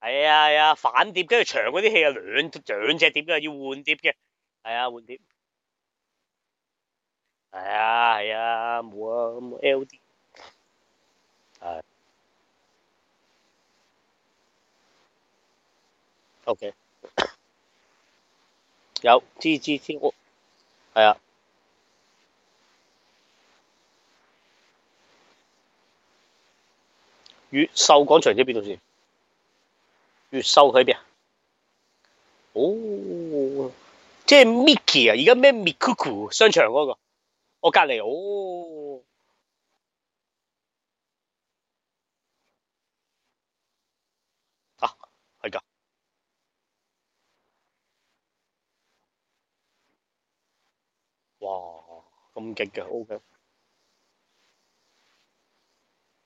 係啊，係啊，反碟，跟住長嗰啲戲啊兩兩隻碟啊要換碟嘅，係啊，換碟，係啊，係啊，冇啊，冇 L D。o Okay . k 有，知知知，我，係啊，越秀廣場即係邊度先？越秀喺邊啊？哦，即係 Mickey 啊！而家咩？Miku 商場嗰、那個，我隔籬哦。哇，咁勁嘅，O K，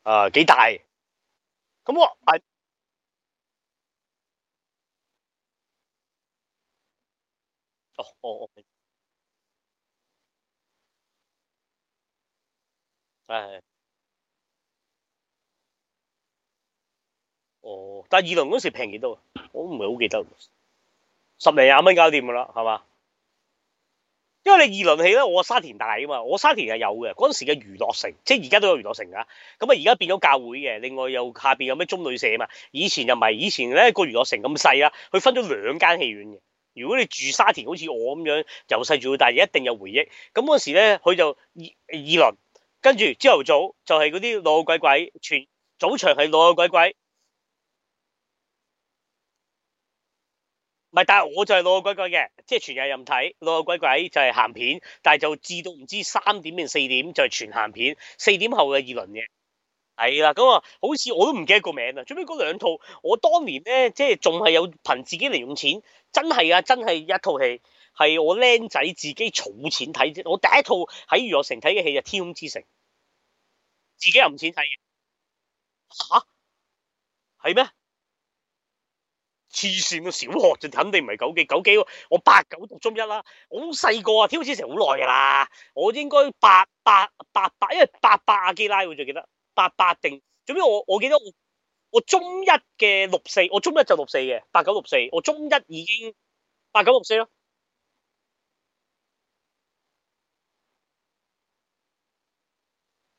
啊，幾大，咁我係哦，係，哦，但二輪嗰時平幾多？我唔係好記得，十零廿蚊搞掂噶啦，係嘛？因為你二輪戲呢，我沙田大啊嘛，我沙田係有嘅嗰陣時嘅娛樂城，即係而家都有娛樂城㗎，咁啊而家變咗教會嘅，另外又下邊有咩中女社啊嘛，以前就唔係，以前呢個娛樂城咁細啊，佢分咗兩間戲院嘅。如果你住沙田，好似我咁樣由細住到大，一定有回憶。咁嗰時呢佢就二二輪，跟住朝頭早就係嗰啲老鬼鬼，早場係老鬼鬼。但係我就係老友鬼鬼嘅，即係全日任睇老友鬼鬼就係鹹片，但係就至到唔知三點定四點就係全鹹片，四點後嘅二輪嘅係啦。咁啊，好似我都唔記得個名啊。最尾嗰兩套，我當年咧即係仲係有憑自己嚟用錢，真係啊，真係一套戲係我僆仔自己儲錢睇。我第一套喺娛樂城睇嘅戲就是《天空之城》，自己用錢睇嘅嚇，係、啊、咩？黐線啊！小學就肯定唔係九幾九幾喎，我八九讀中一啦，我好細個啊，跳起成好耐㗎喇，我應該八八八八，因為八八阿基拉我最記得，八八定最屘我我記得我我中一嘅六四，我中一就六四嘅，八九六四，我中一已經八九六四咯，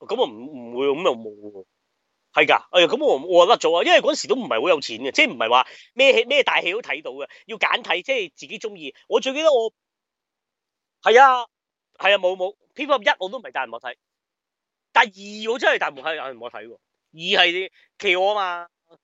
咁我唔唔會咁又冇喎。.係噶，哎呀，咁我我甩咗啊，因為嗰時都唔係好有錢嘅，即係唔係話咩咩大戲都睇到嘅，要揀睇，即係自己中意。我最記得我係啊，係啊，冇冇《p e p 一》我都唔係大屏幕睇，但二我真係大屏幕睇，大屏幕睇喎。二係《企鵝》啊嘛，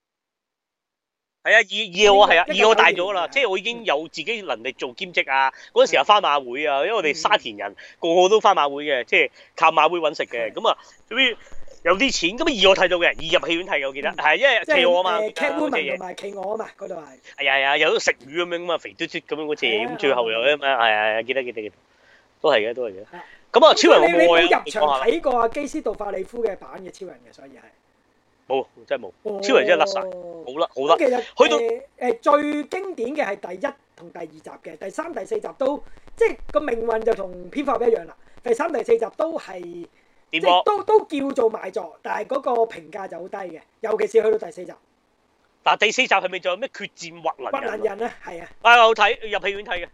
係啊，二二我係啊，二我，二我大咗啦，嗯、即係我已經有自己能力做兼職啊。嗰陣時係返馬會啊，因為我哋沙田人個個都返馬會嘅，即係靠馬會搵食嘅。咁啊，最。有啲錢咁啊！二我睇到嘅，二入戲院睇嘅，我記得係因為企鵝啊嘛，企鵝同埋企鵝啊嘛，嗰度係係係啊，有食魚咁樣噶嘛，肥嘟嘟咁樣嗰隻，最後又咩？啊，係啊係啊，記得記得記得，都係嘅，都係嘅。咁啊，超人你你冇入場睇過啊？基斯道法利夫嘅版嘅超人嘅，所以係冇，真係冇。超人真係甩曬，好甩，好甩。咁其實去到誒最經典嘅係第一同第二集嘅，第三第四集都即係個命運就同編法一樣啦。第三第四集都係。即都都叫做賣座，但係嗰個評價就好低嘅，尤其是去到第四集。但第四集係咪仲有咩決戰核能人核能人咧？係啊，啊有睇入戲院睇嘅。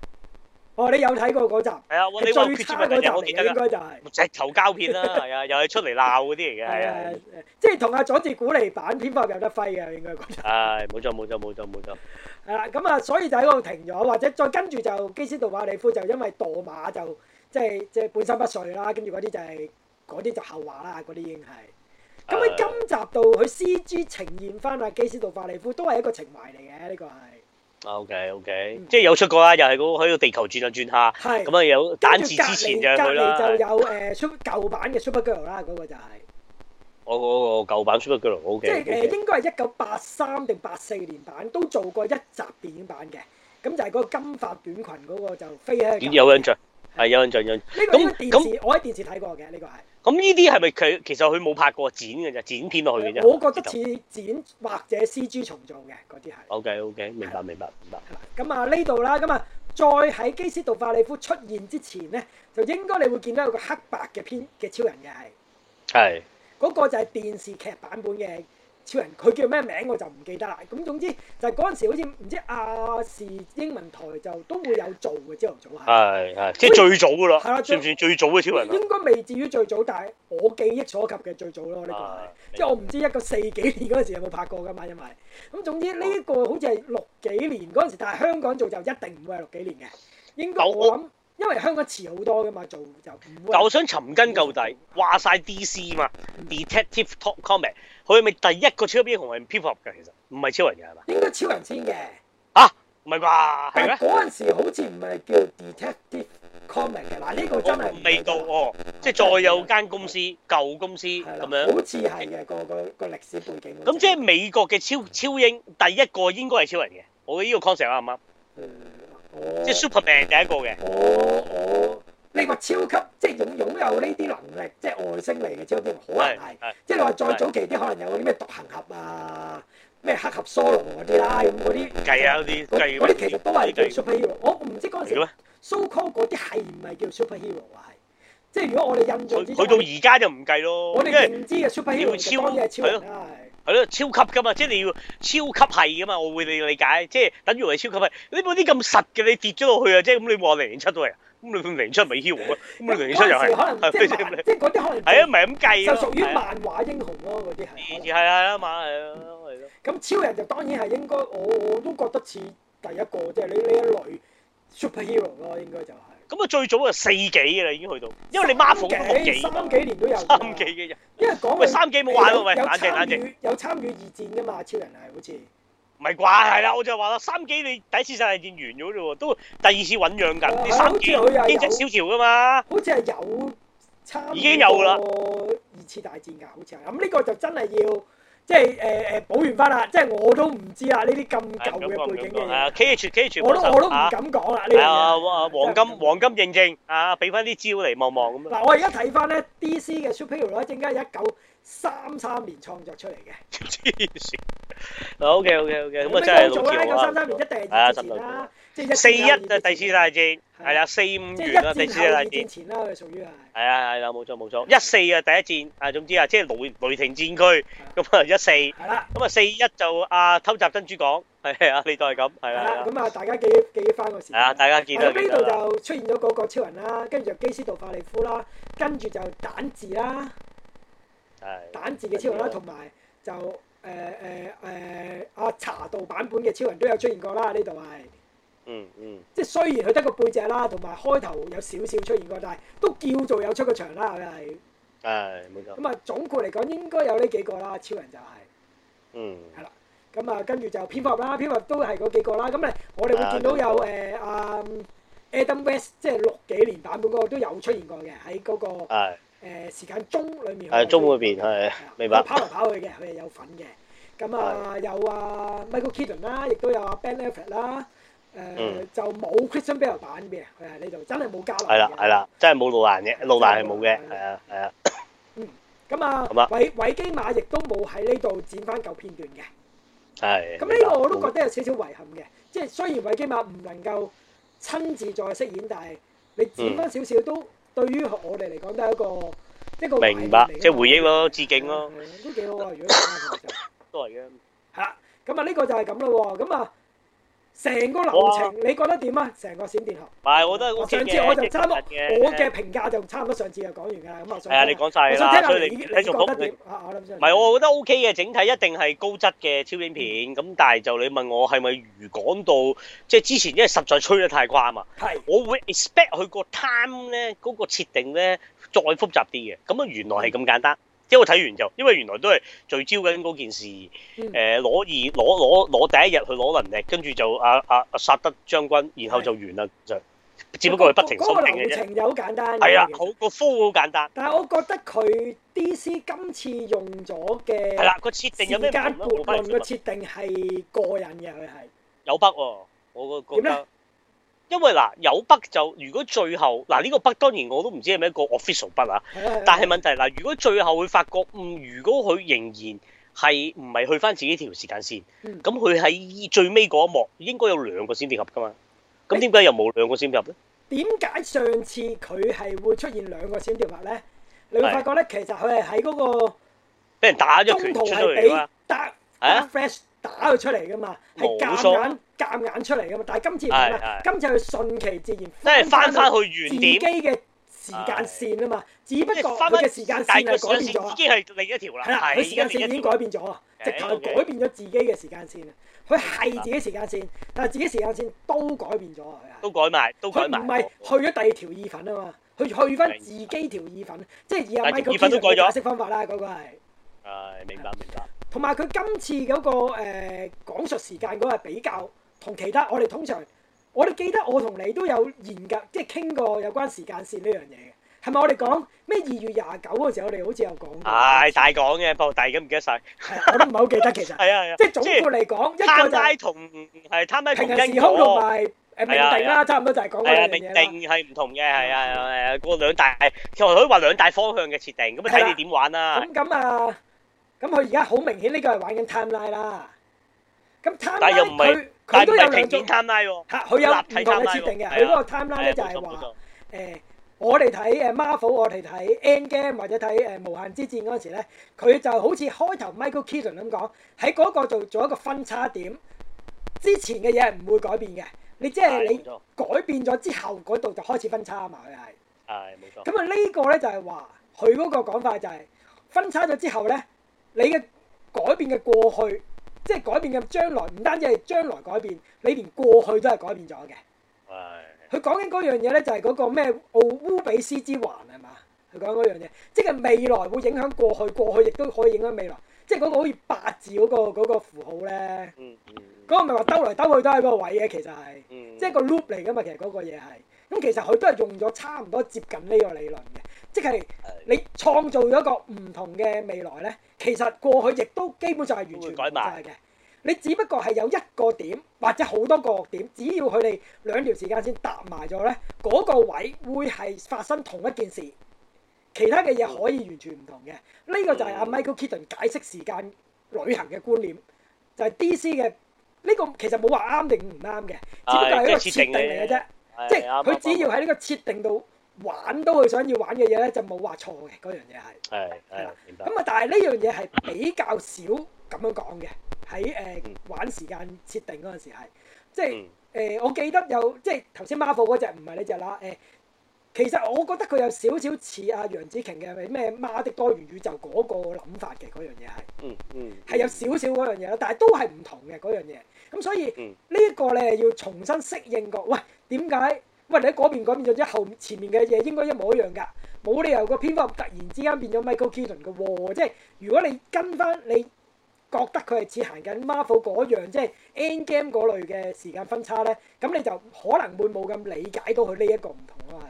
哦，你有睇過嗰集？係啊的，我你最差嗰集嘅，應該就係就係直頭膠片啦，係啊，又係出嚟鬧嗰啲嚟嘅，係啊，即係同阿佐治古尼版片法有得揮嘅，應該嗰集。係冇錯冇錯冇錯冇錯。係啦，咁啊，所以就喺嗰度停咗，或者再跟住就基斯杜馬里夫就因為墮馬就即係即係半身不遂啦，跟住嗰啲就係、是。嗰啲就後話啦，嗰啲已經係。咁喺今集度，佢 CG 呈現返阿基斯道法利夫都係一個情懷嚟嘅，呢個係。O K O K，即係有出過啦，又係個喺個地球轉就轉下。係。咁啊有，單字之前就係佢啦。隔籬就有誒 super 舊版嘅 Supergirl 啦，嗰個就係。我我個舊版 Supergirl O K。即係誒，應該係一九八三定八四年版都做過一集電影版嘅，咁就係嗰個金髮短裙嗰個就飛啊！有印象係有印象，印象。呢個喺電視，我喺電視睇過嘅，呢個係。咁呢啲係咪佢？其實佢冇拍過剪嘅啫，剪片落去嘅啫。我覺得似剪或者 CG 重做嘅嗰啲係。OK，OK，明白明白明白。咁啊呢度啦，咁啊再喺基斯杜化里夫出現之前咧，就應該你會見到有一個黑白嘅片嘅超人嘅係。係的。嗰個就係電視劇版本嘅。超人佢叫咩名我就唔記得啦。咁總之就係嗰陣時好似唔知亞視、啊、英文台就都會有做嘅朝頭早係係、哎哎、係即係最早嘅咯，係算唔算最早嘅超人？應該未至於最早，但係我記憶所及嘅最早咯，呢、啊、個、啊、即係我唔知一個四幾年嗰陣時有冇拍過嘅，嘛。因為。咁總之呢一個好似係六幾年嗰陣時，但係香港做就一定唔會係六幾年嘅，應該我諗。我因為香港遲好多嘅嘛，做郵件，就但我就想尋根究底。話晒 DC 嘛、嗯、，Detective Top Comic，佢係咪第一個超英雄係 pop up 嘅？其實唔係超人嘅係嘛？應該超人先嘅吓，唔係啩？係咩？嗰陣但 嗎時好似唔係叫 Detective Comic 嘅，嗱、啊、呢、這個真係未到哦。即係再有間公司，舊公司咁了樣，好似係嘅個個個歷史背景。咁即係美國嘅超超英第一個應該係超人嘅，我呢個 concept 啱唔啱？是即係 superman 係第一個嘅。哦哦，你話超級即係擁擁有呢啲能力，即係外星嚟嘅超級英雄，可能係，即係你話再早期啲，可能有啲咩獨行俠啊、咩黑俠 solo 嗰啲啦，咁嗰啲計啊，嗰啲，嗰啲其實都係叫 superhero。我唔知嗰陣時 so-called 嗰啲係唔係叫 superhero 啊？係即係如果我哋印象之佢到而家就唔計咯。我哋認知嘅 superhero 係超啊。係咯，超級㗎嘛，即係你要超級係㗎嘛，我會理理解，即係等於係超級咪？你冇啲咁實嘅，你跌咗落去啊！即係咁，你冇零零七都係，咁你零七咪英雄啊？咁你零七又係，係即係嗰啲可能係啊，唔係咁計就屬於漫畫英雄咯，嗰啲係。係係啦，嘛係咯，係咯、啊。咁、啊啊啊、超人就當然係應該，我我都覺得似第一個，即、就、係、是、你呢一類。Superhero 咯，應該就係。咁啊，最早就四幾嘅啦，已經去到。因為你 Marvel 都三幾年都有。三幾嘅人。因為講佢。喂，三幾冇玩喎！喂，冷靜冷靜。有參與二戰嘅嘛？超人係好似。唔係啩？係啦，我就話啦，三幾你第一次世界戰完咗啫喎，都第二次醞釀緊。好似佢又有小潮嘅嘛？好似係有參。已經有啦。二次大戰㗎，好似係。咁呢個就真係要。即係誒誒補完翻啦！即係我都唔知啊，呢啲咁舊嘅背景嘅嘢，我都我都唔敢講啦呢啲啊，黃金黃金認證啊，俾翻啲招嚟望望咁咯。嗱、啊，我而家睇翻咧 DC 嘅 Superhero，正係一九三三年創作出嚟嘅、 啊。黐線！OK OK OK，咁啊真係老潮啦。一九三三年一定以前啦、啊。四一就第四大戰係啦，四五完啦，第四大戰前啦，佢屬於係係啊，係啦，冇錯冇錯，一四啊，第一戰啊，總之啊，即係雷雷霆戰區咁啊，一四係啦，咁啊，四一就啊偷襲珍珠港係啊，你都係咁係啊，咁啊，大家記記翻嗰時係啊，大家見到。喺呢度就出現咗嗰個超人啦，跟住就基斯道法利夫啦，跟住就蛋治啦，係蛋治嘅超人啦，同埋就誒誒誒啊查道版本嘅超人都有出現過啦。呢度係。嗯嗯，即係雖然佢得個背脊啦，同埋開頭有少少出現過，但係都叫做有出個場啦，佢係，係冇錯。咁啊，總括嚟講，應該有呢幾個啦，超人就係嗯係啦。咁啊，跟住就蝙蝠俠啦，蝙蝠俠都係嗰幾個啦。咁你我哋會見到有誒阿 Adam West，即係六幾年版本嗰個都有出現過嘅，喺嗰個係誒時間鐘裏面係鐘嗰邊係明白跑嚟跑去嘅，佢係有份嘅。咁啊，有啊 Michael Keaton 啦，亦都有啊 Ben Affleck 啦。誒，就冇 Christian，bear 版嘅，誒，你就真係冇交流。係啦，係啦，真係冇露難嘅，露難係冇嘅，係啊，係啊。嗯，咁啊，韋韋基瑪亦都冇喺呢度剪翻舊片段嘅。係。咁呢個我都覺得有少少遺憾嘅，即係雖然韋基瑪唔能夠親自再飾演，但係你剪翻少少都對於我哋嚟講都係一個一個明白，即係回憶咯，致敬咯，都幾好啊。如果都係嘅。吓，咁啊，呢個就係咁咯，咁啊。成個流程你覺得點啊？成個閃電俠唔係，我覺得我上次我就差唔多，我嘅評價就差唔多上次就講完㗎啦。咁啊，係啊，你講曬啦。我想聽下你，你仲講？唔係，我覺得 OK 嘅，整體一定係高質嘅超英片。咁但係就你問我係咪如講到即係之前，因為實在吹得太誇嘛。係，我會 expect 佢個 time 咧，嗰個設定咧再複雜啲嘅。咁啊，原來係咁簡單。因為我睇完就，因為原來都係聚焦緊嗰件事，誒攞二攞攞攞第一日去攞能力，跟住就阿阿阿薩德將軍，然後就完啦，就的只不過係不停收兵嘅啫。那個那個，程就的實好簡單，係啊，個鋪好簡單。但係我覺得佢 D.C. 今次用咗嘅係啦個設定有咩唔同？我唔明。個設定係個人嘅，佢係有筆喎，我個覺得。點咧？因為嗱有筆就如果最後嗱呢、這個筆當然我都唔知係咪一個 official 筆啊，是的是的但係問題嗱如果最後會發覺嗯如果佢仍然係唔係去翻自己條時間線，咁佢喺最尾嗰一幕應該有兩個先跌入㗎嘛，咁點解又冇兩個先跌入咧？點解上次佢係會出現兩個先跌入咧？是的 你會發覺咧，其實佢係喺嗰個俾人打咗拳出嚟啦，中途係俾打 Flash、啊、打佢出嚟㗎嘛，係冇錯。夾硬出嚟噶嘛？但係今次唔係，今次係順其自然，即係翻返去自己嘅時間線啊嘛。只不過佢嘅時間線係改變咗，已經係另一條啦。係啦，佢時間線已經改變咗啊，直頭改變咗自己嘅時間線啊。佢係自己時間線，但係自己時間線都改變咗啊。都改埋，都改埋。佢唔係去咗第二條意粉啊嘛，佢去翻自己條意粉，即係廿米佢用嘅解釋方法啦，嗰個係。係明白，明白。同埋佢今次嗰個誒講述時間嗰個比較。同其他我哋通常，我哋記得我同你都有研究，即係傾過有關時間線呢樣嘢嘅。係咪我哋講咩二月廿九嘅時候，我哋好似有講過？係大講嘅，不過大家唔記得晒，我都唔係好記得其實。係啊係啊，即係總括嚟講。timeline 同係時空同埋講。命定啦，差唔多就係講嗰樣嘢啦。定定係唔同嘅係啊誒個兩大，其實佢話兩大方向嘅設定，咁啊睇你點玩啦。咁咁啊，咁佢而家好明顯呢個係玩緊 timeline 啦。咁 timeline 佢都有兩種、啊，嚇佢有唔同嘅設定嘅。佢嗰、啊、個 timeline 咧的就係話：誒，我哋睇誒 Marvel，我哋睇 Endgame 或者睇誒無限之戰嗰陣時咧，佢就好似開頭 Michael Keaton 咁講，喺嗰個做做一個分叉點之前嘅嘢唔會改變嘅。你即係你改變咗之後，嗰度就開始分叉啊嘛。佢係係冇錯。咁啊，呢個咧就係話佢嗰個講法就係、是、分叉咗之後咧，你嘅改變嘅過去。即係改變嘅將來，唔單止係將來改變，你連過去都係改變咗嘅。係、哎，佢講緊嗰樣嘢咧，就係、係、嗰個咩奧烏比斯之環係嘛？佢講嗰樣嘢，即係未來會影響過去，過去亦都可以影響未來。即係嗰個好似八字嗰、嗰個嗰個符號咧，嗰、嗯嗯、個唔係話兜嚟兜去都係嗰個位嘅，其實係，嗯、即係個 loop 嚟噶嘛。其實嗰個嘢係，咁其實佢都係用咗差唔多接近呢個理論嘅。即係你創造咗個唔同嘅未來咧，其實過去亦都基本上係完全改埋嘅。你只不過係有一個點或者好多個點，只要佢哋兩條時間線搭埋咗咧，嗰、那個位會係發生同一件事，其他嘅嘢可以完全唔同嘅。呢、這個就係阿、啊嗯、Michael Keaton 解釋時間旅行嘅觀念，就係、是、DC 嘅呢、這個其實冇話啱定唔啱嘅，只不過係一個設定嚟嘅啫。哎就是、即係佢只要喺呢個設定到。玩到佢想要玩嘅嘢咧，就冇話錯嘅嗰樣嘢係。係係啦，咁啊，明白。但係呢樣嘢係比較少咁樣講嘅，喺誒、呃嗯、玩時間設定嗰陣時係，即係誒、嗯呃、我記得有即係頭先 Marvel 嗰隻唔係呢隻啦。誒、呃，其實我覺得佢有少少似阿楊紫瓊嘅咩媽的多元宇宙嗰個諗法嘅嗰樣嘢係、嗯。嗯嗯。係有少少嗰樣嘢啦，但係都係唔同嘅嗰樣嘢。咁所以呢一個你要重新適應過，喂點解？喂，你喺嗰邊改變咗之後，前面嘅嘢應該一模一樣㗎，冇理由個蝙蝠俠突然之間變咗 Michael Keaton 嘅喎、哦。即係如果你跟翻你覺得佢係似行緊 Marvel 嗰樣，即係 Endgame 嗰類嘅時間分岔咧，咁你就可能會冇咁理解到佢呢一個唔同嘅。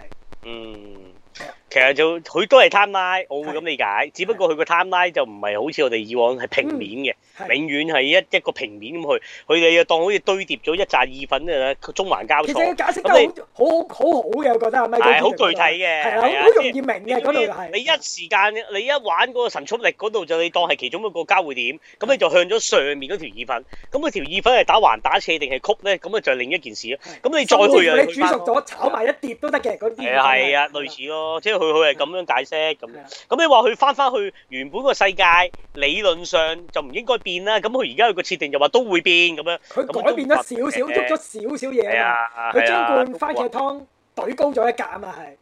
嗯。嗯。其實就佢都係 timeline，我會咁理解。只不過佢個 timeline 就唔係好似我哋以往係平面嘅，永遠係一一個平面咁去。佢哋就當好似堆疊咗一紮意粉㗎，中環交錯，其實嘅解釋都好好好好好嘅，我覺得係咪？係好具體嘅，好容易明嘅嗰度係。你一時間你一玩嗰個神速力嗰度就你當係其中一個交匯點，咁你就向咗上面嗰條意粉。咁啊條意粉係打橫打斜定係曲咧？咁啊就另一件事咯。咁你再去煮熟咗炒埋一碟都得嘅嗰啲。係啊，類似咯，佢佢係咁樣解釋咁樣，咁你話佢翻翻去原本個世界，理論上就唔應該變啦。咁佢而家佢個設定就話都會變咁樣，佢改變咗少少，捉咗少少嘢啊嘛。佢將罐番茄湯懟高咗一格啊嘛，係。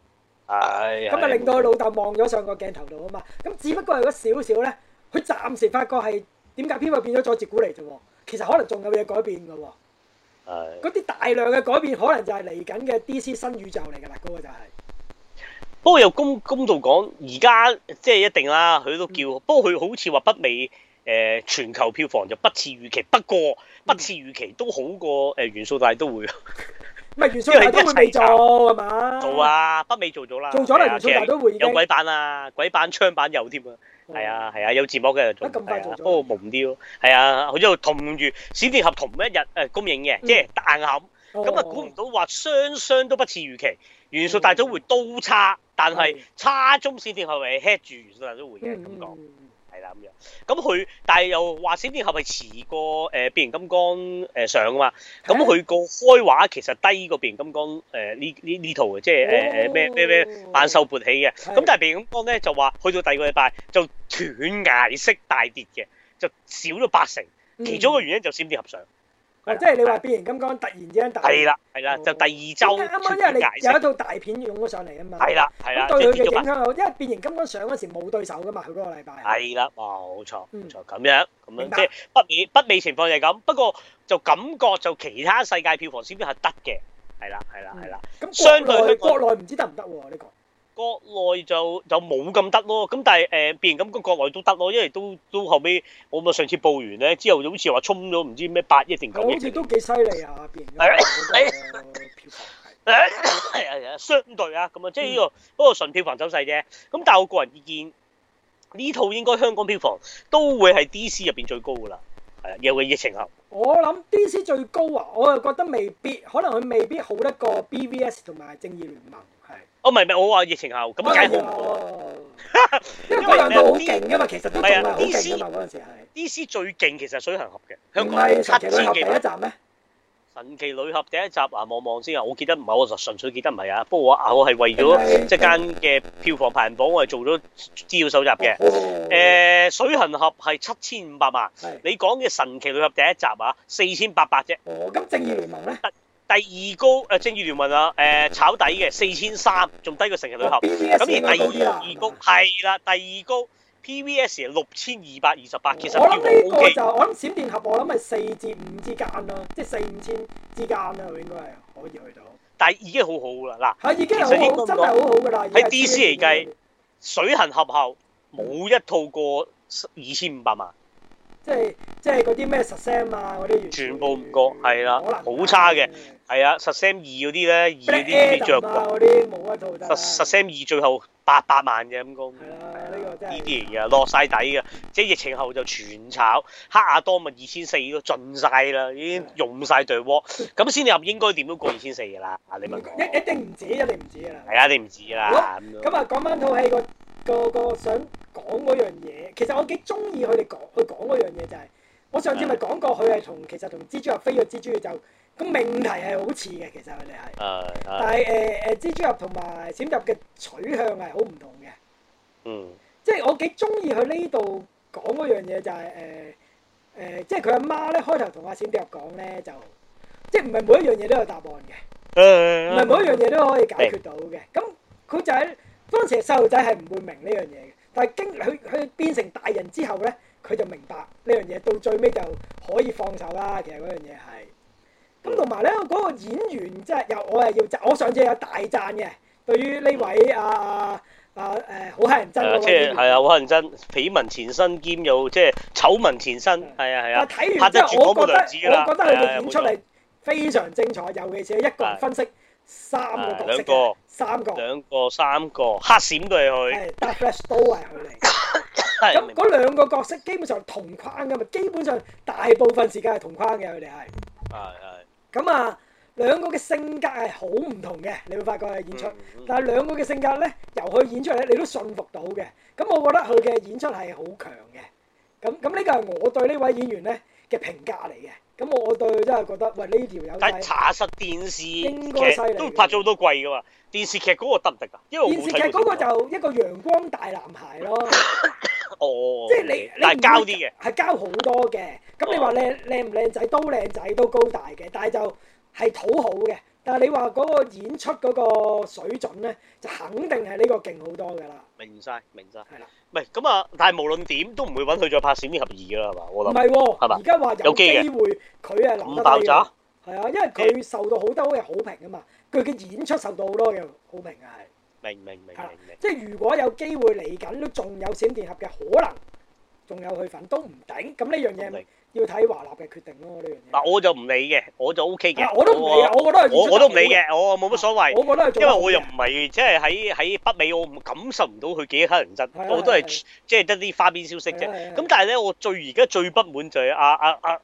係。咁啊，令到佢老豆望咗上個鏡頭度啊嘛。咁只不過係嗰少少咧，佢暫時發覺係點解編劇變咗佐治古嚟啫喎。其實可能仲有嘢改變㗎喎。係。嗰啲大量嘅改變可能就係嚟緊嘅 DC 新宇宙嚟㗎啦，嗰個就係。不過又公公道講，而家即係一定啦，佢都叫。不過佢好似話北美誒全球票房就不似預期，不過不似預期都好過誒元素大都會。唔係元素大都會未做係嘛？做啊，北美做咗啦。做咗，元素大都會有鬼版啊，鬼版、槍版有添啊。係啊係啊，有字幕嘅又做。咁大做咗，不過蒙啲咯。係啊，佢喺度同住閃電俠同一日誒公映嘅，即係硬撼。咁啊，估唔到話雙雙都不似預期，元素大都會都差。但係差，閃電俠係 head 住《神鵰俠侶》嘅感覺，係啦咁樣。咁佢但係又話閃電俠係遲過誒、呃《變形金剛》誒、呃、上啊嘛。咁佢個開畫其實低過《變形金剛》誒呢呢呢套嘅，即係誒誒咩咩咩萬壽勃起嘅。咁的但係《變形金剛》呢咧就話去到第二個禮拜就斷崖式大跌嘅，就少咗八成。其中一個原因就閃電俠上。嗯即係你話變形金剛突然之間大係啦係啦，就第二周啱啱因為你有一套大片湧咗上嚟啊嘛係啦係啦，對佢嘅影響，因為變形金剛上嗰時冇對手噶嘛，佢嗰個禮拜係啦，冇錯冇錯咁樣咁樣白即係北美北美情況就係咁，不過就感覺就其他世界票房先邊係得嘅，係啦係啦係啦，咁、嗯、相對去國內唔知得唔得喎呢個行行。國內就就冇咁得咯，咁但係誒變形金剛國內都得咯，因為都都後尾我咪上次報完咧之後，就好後，好似話衝咗唔知咩八億定九億，好似都幾犀利啊！變形金剛嘅票房係係係相對啊，咁啊、呢個，即係呢個不過純票房走勢啫。咁但係我個人意見，呢套應該香港票房都會係 DC 入邊最高噶啦，係啊，尤其疫情後。我諗 DC 最高啊，我又覺得未必，可能佢未必好得過 BVS 同埋正義聯盟。我咪咪，我話疫情後咁解？因為 DC 好勁，因為其實係啊 DC 陣時係。DC 最勁，其實《水行俠》嘅香港係七千幾萬一集咩？《神奇女俠》第一集啊，望望先啊，我記得唔係，我就純粹記得唔係啊。不過我我係為咗即係間嘅票房排行榜，我係做咗資料搜集嘅。誒、哦，《水行俠》係七千五百萬，的你講嘅《神奇女俠》第一集啊，四千八百啫。哦，咁《正義聯盟》咧？第二高誒，正義聯盟啊，誒炒底嘅四千三，仲低過成日雷合。咁而第二高係啦，第二高 PVS 六千二百二十八。其實我諗呢個就我諗閃電俠，我諗係四至五之間咯，即係四五千之間啦，佢應該係可以去到。但係已經好好啦，嗱，係已經好真係好好噶啦。喺 D C 嚟計，水行合後冇一套過二千五百萬。即係即係嗰啲咩十 sam 啊嗰啲全部唔過係啦，好差嘅係啊十 sam 二嗰啲咧二嗰啲跌著過，嗰啲冇套。十十 sam 二最後八百萬嘅咁高，呢個真係跌落晒底嘅，即係疫情後就全炒黑亞當，咪二千四都盡晒啦，已經用晒對窩，咁先入應該點都過二千四噶啦，你咪講。一一定唔止啊！你唔止啊！係啊，你唔止啦。咁啊，講翻套戲個個個想。講嗰樣嘢，其實我幾中意佢哋講，佢講嗰樣嘢就係、是，我上次咪講過，佢係同其實同蜘蛛俠飛躍蜘蛛俠就個命題係好似嘅，其實佢哋係，但係誒誒，蜘蛛俠同埋閃電俠嘅取向係好唔同嘅，嗯，即係我幾中意佢呢度講嗰樣嘢就係、是，誒、呃、誒，即係佢阿媽咧開頭同阿閃電俠講咧就，即係唔係每一樣嘢都有答案嘅，唔係、嗯、每一樣嘢都可以解決到嘅，咁佢、嗯、就仔、是、當時細路仔係唔會明呢樣嘢嘅。但係經佢佢變成大人之後咧，佢就明白呢樣嘢，到最尾就可以放手啦。其實嗰樣嘢係咁，同埋咧，嗰、嗰個演員即係由我係要讚，我上次有大讚嘅，對於呢位啊啊誒好乞人憎嘅，即係係啊好乞、就是啊、人憎，緋聞纏身兼有，即係醜聞纏身，係啊係啊。睇、啊、完之後得我覺得我覺得佢演出嚟非常精彩，啊、尤其是一個人分析、啊。三個角色，哎、個三個，兩個，三個，黑閃都係佢，Dark Flash 都係佢嚟。咁嗰、哎、兩個角色基本上同框噶嘛，基本上大部分時間係同框嘅，佢哋係。係係、哎。咁、哎、啊，兩個嘅性格係好唔同嘅，你會發覺佢演出。嗯嗯、但係兩個嘅性格咧，由佢演出咧，你都信服到嘅。咁我覺得佢嘅演出係好強嘅。咁咁呢個係我對呢位演員咧嘅評價嚟嘅。咁我對真係覺得，喂呢條有睇。睇查實電視應該犀利，都拍咗好多季噶嘛，電視劇嗰個得唔得啊？電視劇嗰個就一個陽光大男孩咯。 哦。即係你，係膠啲嘅，係交好多嘅。咁你話靚靚唔靚仔都靚仔，靚仔，都高大嘅，但係就係討好嘅。但係你話嗰個演出嗰個水準咧，就肯定係呢個勁好多㗎啦。明曬，明曬。係啦，唔係咁啊！但係無論點都唔會揾佢再拍閃電俠二㗎啦，係嘛？我諗。唔係喎，係嘛？而家話有機會佢係諗得。五爆炸。係啊，因為佢受到好多嘅好評啊嘛。佢嘅演出受到好多嘅好評啊，係。明明明。係啦，即係如果有機會嚟緊都仲有閃電俠嘅可能，仲有去份都唔頂。咁呢樣嘢。要睇華納嘅決定咯，呢樣嘢嗱，我就唔理嘅，我就 O K 嘅。嗱，我都唔理我覺得我我都唔理嘅，我冇乜所謂。我覺得因為我又唔係即係喺喺北美，我感受唔到佢幾乞人憎，我都係即係得啲花邊消息啫。咁但係咧，我最而家最不滿就係阿阿阿阿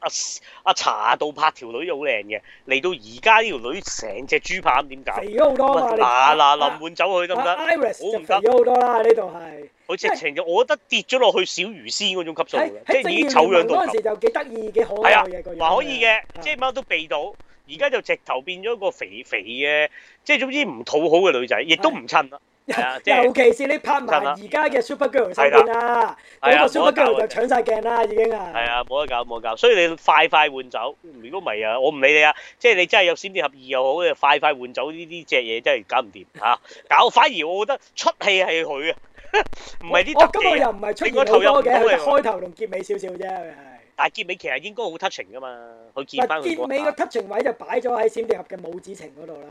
阿茶道拍條女好靚嘅，嚟到而家呢條女成隻豬扒咁點搞？肥咗好多啊！嗱嗱臨換走佢得唔得？好唔得？肥咗好多啦，呢度係。佢直情，就我覺得跌咗落去小魚仙嗰種級數即係已經醜樣到咁。嗰時就幾得意幾好。愛嘅個話可以嘅，即係乜都避到。而家就直頭變咗個肥肥嘅，即係總之唔討好嘅女仔，亦都唔襯啦。尤其是你拍埋而家嘅 Super Girl 身邊啦，嗰個 Super Girl 就搶晒鏡啦，已經啊。係啊，冇得搞，冇得搞。所以你快快換走。如果唔係啊，我唔理你啊。即係你真係有閃電合意又好嘅，快快換走呢啲隻嘢，真係搞唔掂嚇。搞反而我覺得出戲係佢啊。唔係呢，我今我又唔係出現好多嘅，開頭同結尾少少啫，係。但係結尾其實應該好 touching 噶嘛，去見翻佢。結尾個 touching 位就擺咗喺閃電俠嘅母子情嗰度啦。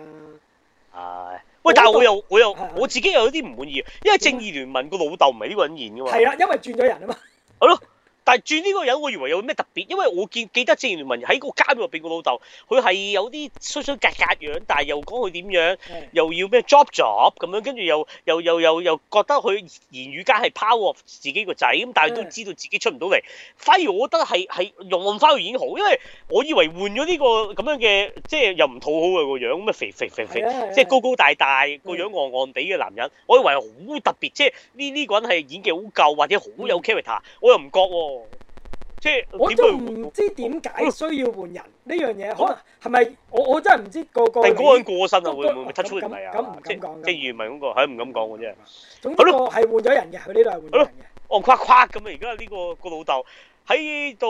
係、哎，喂，的但係我又我又的我自己又有啲唔滿意，因為正義聯盟個老豆唔係呢個人演噶嘛。係啦，因為轉咗人啊嘛。 好咯。但轉呢個人，我以為有咩特別，因為我見記得《正義聯盟》喺個監獄入邊個老豆，佢係有啲衰衰格格樣，但係又講佢點樣，又要咩 job job 咁樣，跟住又又又又又覺得佢言語間係 power 自己個仔，咁但係都知道自己出唔到嚟。反而我覺得係係用返已經好，因為我以為換咗呢個咁樣嘅，即係又唔討好佢個樣，咩肥，肥肥肥肥，即係高高大大個樣憨憨地嘅男人，我以為好特別，即係呢呢個人係演技好夠或者好有 character，我又唔覺喎。即係，我都唔知點解需要換人呢樣嘢，可能係咪我我真係唔知個個定嗰個人過身啦？會會會突出嚟啊？咁唔敢講，原名嗰個係唔敢講嘅啫。總之我係換咗人嘅，佢呢度係換咗人嘅。哦，垮垮咁啊！而家呢個個老豆。喺到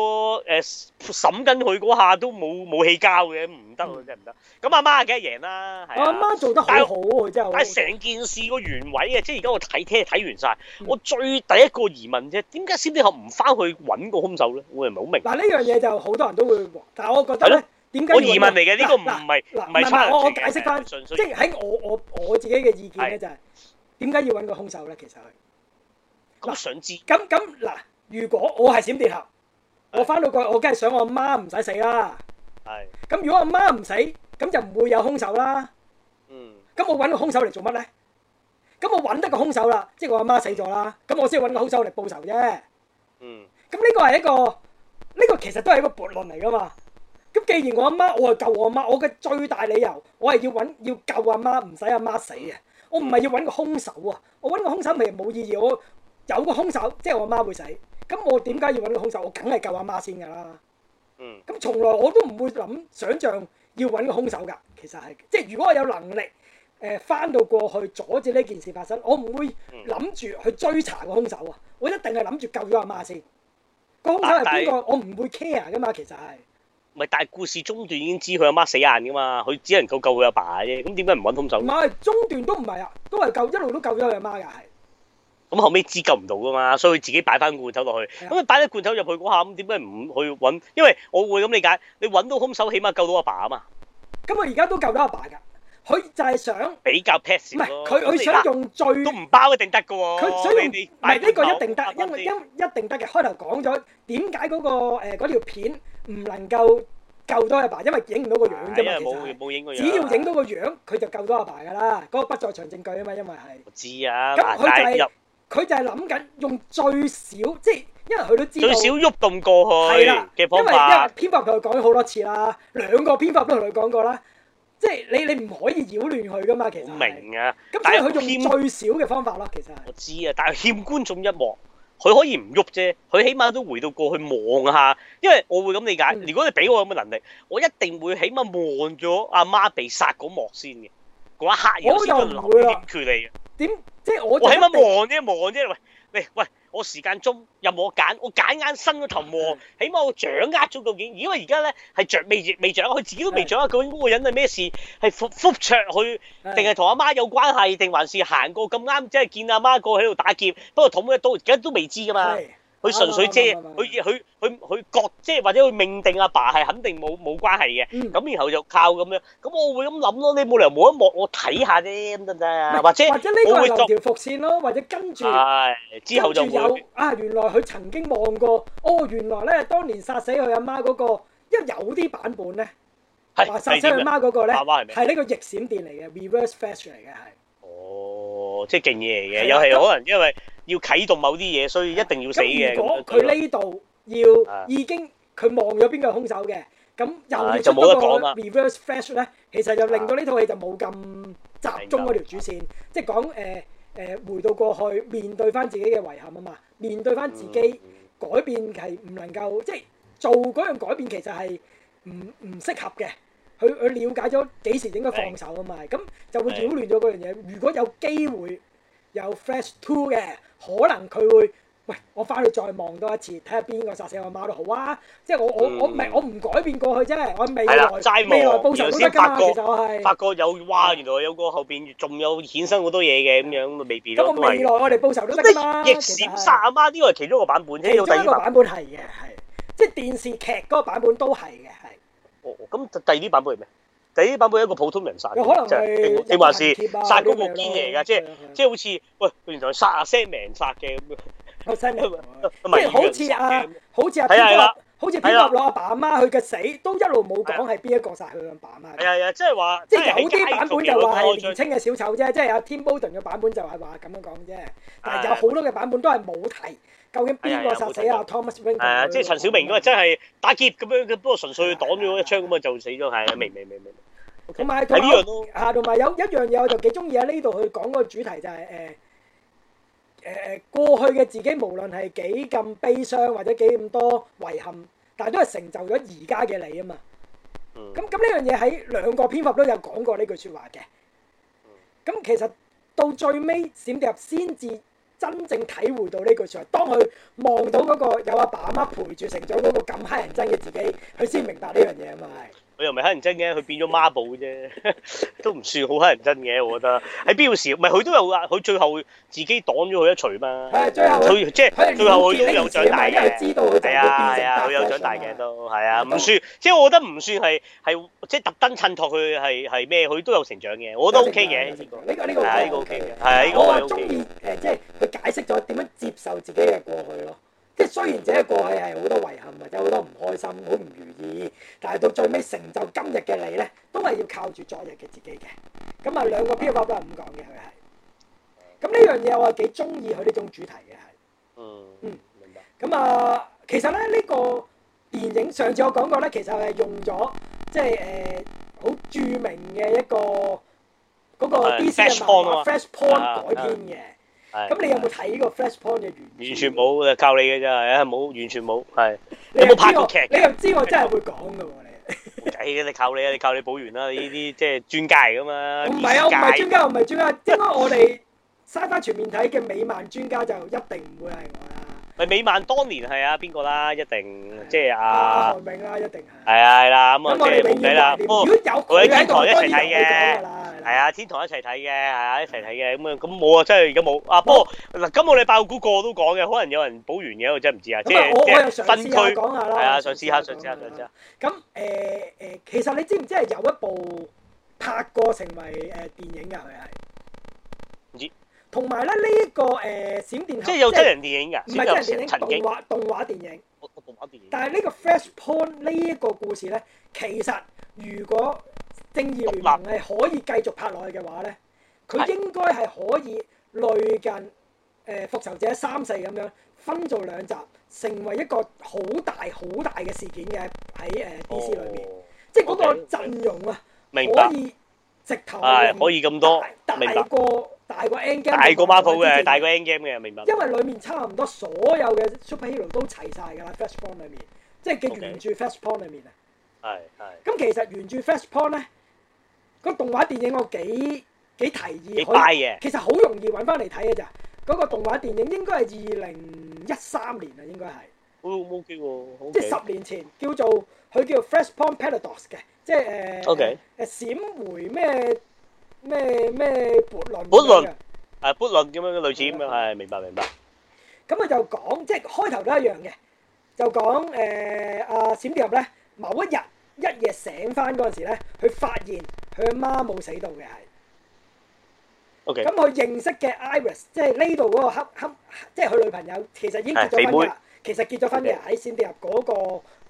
誒審緊佢嗰下都冇冇氣交嘅，唔得真係唔得。咁阿媽梗係贏啦。我阿媽做得好好，但係成件事個原委啊，即係而家我睇聽睇完晒，我最第一個疑問啫，點解先啲後唔翻去揾個兇手咧？我又唔係好明。但呢樣嘢就好多人都會，但係我覺得咧，點解我疑問嚟嘅呢個？唔係，唔係我我解釋翻純粹，即係喺我我我自己嘅意見咧就係，點解要揾個兇手咧？其實係我想知，咁咁嗱。如果我係閃電俠，我翻到過去我梗係想我阿媽唔使死啦。係，咁如果阿媽唔死，咁就唔會有兇手啦。嗯，咁我揾個兇手嚟做乜咧？咁我揾得個兇手啦，即係我阿媽死咗啦。咁我先要揾個兇手嚟報仇啫。嗯，咁呢個係一個，呢個其實都係一個悖論嚟噶嘛。咁既然我阿媽，我係救我阿媽，我嘅最大理由，我係要揾要救阿媽，唔使阿媽死嘅。我唔係要揾個兇手啊，我揾個兇手咪冇意義。我有個兇手，即係我阿媽會死，咁我點解要揾個兇手？我梗係救阿媽先噶啦。嗯。咁從來我都唔會諗想像要揾個兇手噶，其實係即係如果我有能力誒翻、呃、到過去阻止呢件事發生，我唔會諗住去追查個兇手啊！我一定係諗住救咗阿媽先。個兇手係邊個？啊、我唔會 care 噶嘛，其實係。唔係，但係故事中段已經知佢阿媽死硬噶嘛，佢只能夠救佢阿爸啫。咁點解唔揾兇手？唔係，中段都唔係啊，都係救一路都救咗佢阿媽嘅係。咁後尾知救唔到噶嘛，所以佢自己擺翻罐頭落去。咁佢擺啲罐頭入去嗰下，咁點解唔去揾？因為我會咁理解，你揾到兇手，起碼救到阿爸啊嘛。咁佢而家都救到阿爸噶，佢就係想比較 pass。唔係，佢佢想用最都唔包一定得嘅喎。佢想用唔係呢個一定得，因為因一定得嘅。開頭講咗點解嗰個誒條片唔能夠救到阿爸，因為影唔到個樣啫嘛。因為冇影個樣。只要影到個樣，佢就救到阿爸噶啦。嗰個不在場證據啊嘛，因為係。我知啊，咁佢就係。佢就係諗緊用最少，即係因為佢都知最少喐動，動過去方法。係啦，因為因為蝙蝠同佢講咗好多次啦，兩個蝙蝠都同佢講過啦，即係你你唔可以擾亂佢噶嘛。其實我明啊。咁所以佢用最少嘅方法咯，其實我知啊，但係欠觀眾一望，佢可以唔喐啫，佢起碼都回到過去望下，因為我會咁理解。嗯、如果你俾我咁嘅能力，我一定會起碼望咗阿媽，媽被殺嗰幕先嘅嗰一刻想想一點點我，有呢個臨點距離。點即係我，我起碼望啫，望啫。喂喂喂，我時間中又冇揀，我揀間伸咗頭望，起碼我掌握咗究竟。因為而家咧係着未未掌握，佢自己都未掌握，究竟嗰個人係咩事？係復復桌去，定係同阿媽有關係，定還是行過咁啱即係見阿媽過去喺度打劫？不過捅咗一刀，而家都未知噶嘛。佢純粹遮，佢佢佢佢覺，即係或者佢命定阿爸係肯定冇冇關係嘅，咁然後就靠咁樣，咁我會咁諗咯。你冇理由冇一幕我睇下啫，咁得唔得啊？或者或者呢個係留條伏線咯，或者跟住，係之後就會有啊。原來佢曾經望過，哦，原來咧，當年殺死佢阿媽嗰個，一有啲版本咧，話殺死佢媽嗰個咧，係呢個逆閃電嚟嘅，Reverse Flash 嚟嘅，係。哦，即係勁嘢嚟嘅，又係可能因為。要啟動某啲嘢，所以一定要死。如果佢呢度要已經佢望咗邊個係兇手嘅，咁、啊、又出咗個 reverse flash 咧，其實就令到呢套戲就冇咁集中嗰條主線，白即係講誒誒回到過去面對翻自己嘅遺憾啊嘛，面對翻自己，自己、嗯嗯、改變係唔能夠，即係做嗰樣改變其實係唔唔適合嘅。佢佢了解咗幾時應該放手啊嘛，咁的就會擾亂咗嗰樣嘢。如果有機會有 flash two 嘅。可能佢會喂，我翻去再望多一次，睇下邊個殺死我媽都好啊！即係我、嗯、我我未我唔改變過去啫，我未來、嗯、未來報仇都得㗎嘛。其實我係發覺有哇，原來有個後邊仲有衍生好多嘢嘅咁樣未必，未變。咁未來我哋報仇都得嘛？逆閃殺阿媽呢個係其中一個版本，其中一個版本係嘅，係即係電視劇嗰個版本都係嘅，係。哦，咁就第二啲版本係咩？第一版本一個普通人殺嘅，可能就係你話事，殺嗰個堅嘢嘅，即係即係好似喂原來殺阿 Sam m 殺嘅咁樣，即係好似阿好似阿蝙蝠，好似蝙蝠佬阿爸阿媽佢嘅死都一路冇講係邊一個殺佢阿爸阿媽。係啊係啊，即係話即係有啲版本就話係年青嘅小丑啫，即係阿 Tim Burton 嘅版本就係話咁樣講啫。但係有好多嘅版本都係冇提究竟邊個殺死阿 Thomas Wayne。係即係陳小明嗰個真係打劫咁樣嘅，不過純粹擋咗一槍咁啊就死咗係啊，明明明明。同埋同啊，同埋有，有，有，有一樣嘢， 我就幾中意喺呢度去講嗰個主題就係誒誒誒，過去嘅自己無論係幾咁悲傷或者幾咁多遺憾，但係都係成就咗而家嘅你啊嘛。嗯。咁咁呢樣嘢喺兩個篇幅都有講過呢句說話嘅。嗯。咁其實到最尾，閃電俠先至真正體會到呢句說話。當佢望到嗰個有阿爸阿媽陪住成長嗰個咁乞人憎嘅自己，佢先明白呢樣嘢啊嘛係。又唔係乞人憎嘅，佢變咗孖寶啫， 都唔算好乞人憎嘅，我覺得。喺必要時唔係佢都有啊？佢最後自己擋咗佢一錘嘛。係 最後，佢即係最後，佢都有長大嘅。係啊，係啊，佢有長大嘅都係啊，唔、啊、算。即係、啊、我覺得唔算係係即係特登襯托佢係係咩？佢都有成長嘅，我都 OK 嘅。呢、這個呢、這個我係 OK 嘅。係、這、呢個係 OK 嘅。這個、啊，我話中意誒，即係佢解釋咗點樣接受自己嘅過去咯。即係雖然這一過去係好多遺憾啊，有好多唔開心，好唔如意，但係到最尾成就今日嘅你咧，都係要靠住昨日嘅自己嘅。咁啊，兩個編法都係咁講嘅佢係。咁呢樣嘢，我係幾中意佢呢種主題嘅係。嗯，明白、嗯。咁啊，其實咧呢、這個電影上次我講過咧，其實係用咗即係誒好著名嘅一個嗰、那個 DC 嘅 Flashpoint 改編嘅。咁你有冇睇呢個 Flashpoint 嘅原著？完全冇，就教你嘅啫。啊，冇完全冇，係 你有冇拍過劇， 你又知我真係會講噶喎你。哎呀，你靠你啊，你靠你補完啦，呢啲即係專家嚟噶嘛。唔係啊，唔係專家，唔係專家，應該 我哋 SciFi 全面睇嘅美漫專家就一定唔會係我咪美漫當年係啊，邊個啦？一定即係阿……阿宏啦，一定係。係啊，係啦，咁啊，即係唔使啦。不過，如果有佢喺天台一齊睇嘅，係啊，天台一齊睇嘅，係啊，一齊睇嘅，咁啊，咁冇啊，真係而家冇啊。不過嗱，今日我哋爆股個個都講嘅，可能有人補完嘢，我真係唔知啊。即係我我又想試下講下啦。係啊，想試下，想試下，想試下。咁誒誒，其實你知唔知係有一部拍過成為誒電影嘅佢係？同埋咧，呢一個誒閃電俠即係有真人電影㗎，唔係真人電影，英動畫動畫電影。動畫電影。電影但係呢個 Flashpoint 呢一個故事咧，其實如果《正義聯盟》係可以繼續拍落去嘅話咧，佢應該係可以類近誒《復仇者三世》咁樣分做兩集，成為一個好大好大嘅事件嘅喺誒 DC 裏面，哦、即係嗰個陣容啊白、哎，可以直頭係可以咁多大，大過。大過 Endgame，大過 Marvel 嘅，大過 Endgame 嘅，明白。因為裏面差唔多所有嘅 superhero 都齊晒噶啦，Flashpoint 裏面，即係叫原著 Flashpoint 裏面啊。係係。咁其實原著 Flashpoint 咧，個動畫電影我幾幾提議，幾快嘅。其實好容易揾翻嚟睇嘅咋，嗰個動畫電影應該係二零一三年啊，應該係。好，ok 好。即係十年前，叫做佢叫做 Flashpoint Paradox 嘅，即係誒誒閃回咩？咩咩悖論？悖論，誒悖論咁樣，類似咁樣，係明白明白。咁佢就講，即係開頭都一樣嘅，就講誒阿閃電俠咧，某一日一夜醒翻嗰陣時咧，佢發現佢阿媽冇死到嘅係。OK。咁佢認識嘅 Iris，即係呢度嗰個黑黑，即係佢女朋友，其實已經結咗婚啦。其實結咗婚嘅喺閃電俠嗰個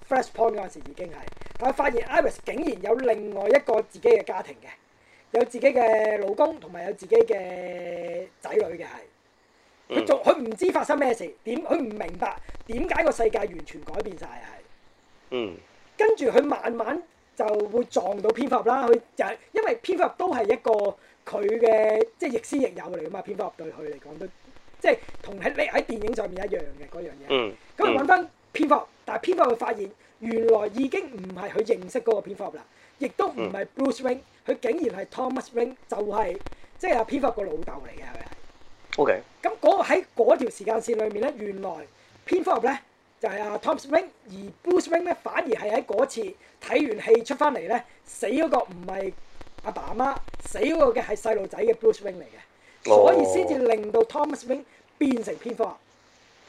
Flashpoint 嗰陣時已經係，但係發現 Iris 竟然有另外一個自己嘅家庭嘅。有自己嘅老公，同埋有自己嘅仔女嘅係，佢、嗯、做。佢唔知發生咩事，點佢唔明白點解個世界完全改變晒。係，嗯，跟住佢慢慢就會撞到蝙蝠俠啦，佢就又因為蝙蝠俠都係一個佢嘅即係亦師亦友嚟噶嘛，蝙蝠俠對佢嚟講都即係同喺你喺電影上面一樣嘅嗰樣嘢、嗯，嗯，咁佢揾翻蝙蝠俠，但係蝙蝠俠佢發現原來已經唔係佢認識嗰個蝙蝠俠啦。亦都唔係 Bruce Wayne 佢、嗯、竟然係 Thomas Wayne 就係即係阿蝙蝠俠個老豆嚟嘅，係咪？O K. 咁嗰個喺嗰條時間線裏面咧，原來蝙蝠俠咧就係、是、阿、啊、Thomas Wayne 而 Bruce Wayne 咧反而係喺嗰次睇完戲出翻嚟咧死嗰個唔係阿爸阿媽，死嗰個嘅係細路仔嘅 Bruce Wayne 嚟嘅，所以先至令到 Thomas Wayne 變成蝙蝠俠。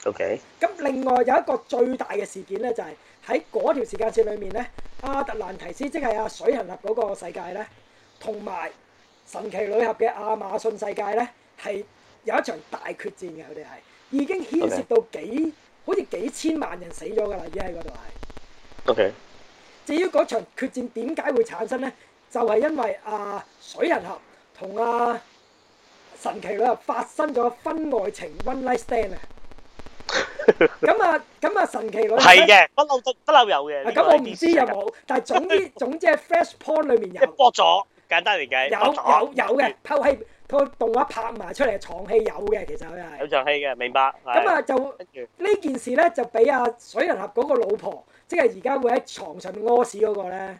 O K. 咁另外有一個最大嘅事件咧就係、是。喺嗰條時間線裏面咧，阿特蘭提斯即係阿水行俠嗰個世界咧，同埋神奇女俠嘅亞馬遜世界咧，係有一場大決戰嘅。佢哋係已經牽涉到幾 Okay. 好似幾千萬人死咗㗎啦，而家喺嗰度係。OK。至於嗰場決戰點解會產生咧，就係、是、因為阿、啊、水行俠同阿、啊、神奇女俠發生咗婚外情，One Night Stand 啊。咁啊，咁啊，神奇嗰啲係嘅，不嬲都、不嬲有嘅。咁我唔知有冇，但係總之，總之即係 Flashpoint 裏面有。播咗，簡單嚟計有有有嘅，透氣個動畫拍埋出嚟，床戲有嘅，其實佢係有床戲嘅，明白。咁啊，就呢件事咧，就俾阿水人俠嗰個老婆，即係而家會喺床上屙屎嗰個咧，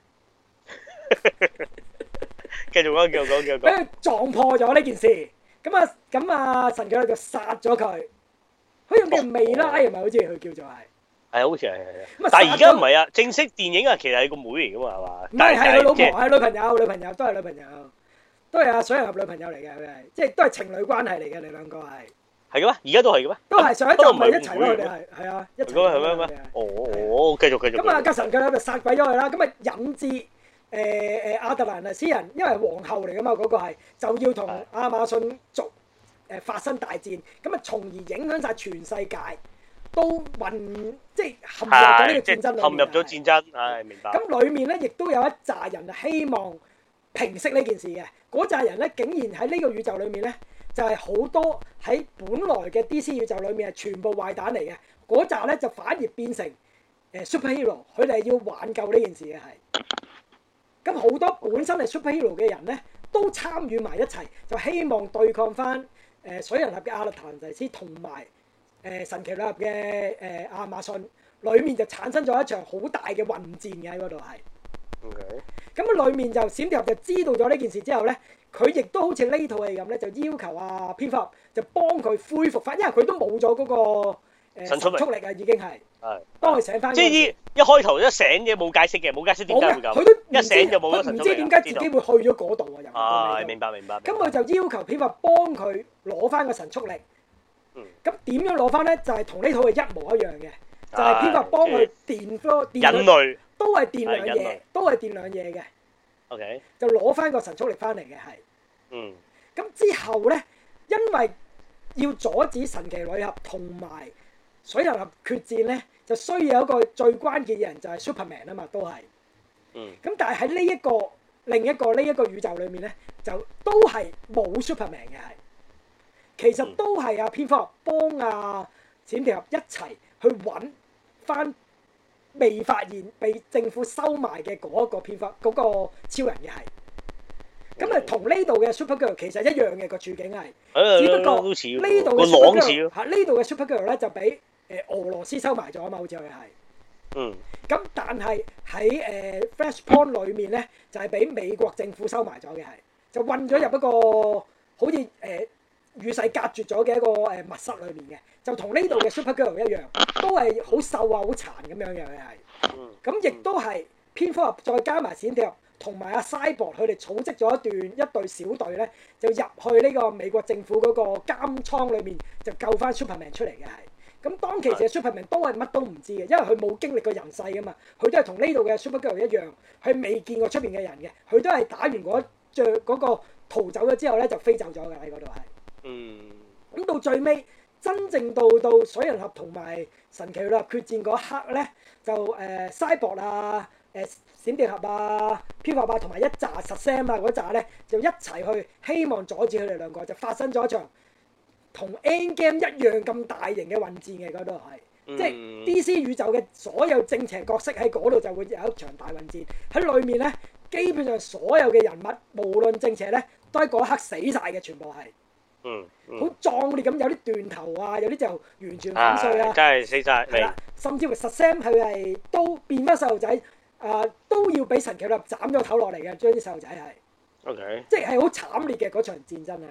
繼續講，繼續講，繼續講。俾佢撞破咗呢件事，咁啊，咁啊，神奇女就殺咗佢。好似叫薇拉，唔係好似佢叫做係，係啊，好似係係啊。但係而家唔係啊，正式電影啊，其實係個妹嚟噶嘛，係嘛？唔係，係佢老婆，係女朋友，女朋友都係女朋友，都係啊，水合女朋友嚟嘅，佢係，即係都係情侶關係嚟嘅，你兩個係係嘅咩？而家都係嘅咩？都係，上一度唔係一齊囉，佢哋係啊，一齊。咁係咩咩？哦，繼續繼續。咁啊，吉神佢就殺鬼咗佢啦。咁啊，引致誒誒亞特蘭達斯人，因為皇后嚟噶嘛，嗰個係就要同亞馬遜族。誒，發生大戰咁啊，從而影響晒全世界，都混即係陷入咗呢個戰爭裏面。陷入咗戰爭，唉，明白。咁裏面咧，亦都有一紮人希望平息呢件事嘅嗰扎人咧，竟然喺呢個宇宙裏面咧，就係好多喺本來嘅 DC 宇宙裏面係全部壞蛋嚟嘅嗰紮咧，就反而變成誒 superhero，佢哋要挽救呢件事嘅係咁好多本身係 superhero 嘅人咧，都參與埋一齊就希望對抗翻。誒、呃、水人俠嘅亞特蘭提斯同埋誒神奇女俠嘅誒亞馬遜，裡面就產生咗一場好大嘅混戰嘅喺嗰度係。咁啊，Okay. 裡面就閃電俠就知道咗呢件事之後咧，佢亦都好似呢套戲咁咧，就要求阿蝙蝠俠就幫佢恢復翻，因為佢都冇咗嗰個。神速力啊，已經係係當佢醒翻，即係依一開頭一醒嘅冇解釋嘅，冇解釋點解會咁，佢都一醒就冇啦。神速力，唔知點解自己會去咗嗰度啊？又唔明。哎，明白明白。咁佢就要求蝙蝠幫佢攞翻個神速力。嗯。咁點樣攞翻咧？就係同呢套係一模一樣嘅，就係蝙蝠幫佢電多電，人類都係電兩嘢，都係電兩嘢嘅。O K。就攞翻個神速力翻嚟嘅係嗯。咁之後咧，因為要阻止神奇女俠同埋。水頭合決戰咧，就需要一個最關鍵嘅人就係、是、Superman 啊嘛，都係。嗯。咁但係喺呢一個另一個呢一、呢個宇宙裏面咧，就都係冇 Superman 嘅係。其實都係阿蝙蝠俠幫阿閃電俠一齊去揾翻未發現被政府收埋嘅嗰一個蝙蝠嗰個超人嘅係。咁啊，同呢度嘅 Supergirl 其實一樣嘅個處境係，哎、呀只不過呢度嘅 s u 呢度嘅 Supergirl 咧就比。誒、呃、俄羅斯收埋咗嘛？好似佢係嗯咁，但係喺誒、呃、Flashpoint 裏面咧，就係、係、俾美國政府收埋咗嘅，就運咗入一個好似誒與世隔絕咗嘅一個誒密室裏面嘅，就同呢度嘅 Super Girl 一樣，都係好瘦啊，好殘咁樣嘅，又係嗯咁，亦都係蝙蝠俠再加埋閃跳同埋阿 Cyborg，佢哋組織咗一段一隊小隊咧，就入去呢個美國政府嗰個監倉裏面，就救翻 Superman 出嚟嘅係。咁當其時嘅 superman 都係乜都唔知嘅，因為佢冇經歷過人世㗎嘛，佢都係同呢度嘅 supergirl 一樣，佢未見過出面嘅人嘅，佢都係打完嗰著、嗰個逃走咗之後咧就飛走咗㗎喺嗰度係。嗯。咁到最尾，真正到到水人俠同埋神奇女俠決戰嗰刻咧，就誒西博啊、誒、呃、閃電俠啊、蝙蝠俠同埋一紮石山啊嗰紮咧，就一齊去希望阻止佢哋兩個就發生咗一場。同《End Game》一樣咁大型嘅混戰嘅嗰度係，即係 DC 宇宙嘅所有正邪角色喺嗰度就會有一場大混戰喺裏面咧。基本上所有嘅人物無論正邪咧，都喺嗰刻死晒嘅，全部係嗯好、嗯、壯烈咁，有啲斷頭啊，有啲就完全粉碎啊，啊真係死曬啦，甚至乎 Sam 佢係都變返細路仔啊，都要俾神奇俠斬咗頭落嚟嘅，將啲細路仔係 OK，即係好慘烈嘅嗰場戰爭係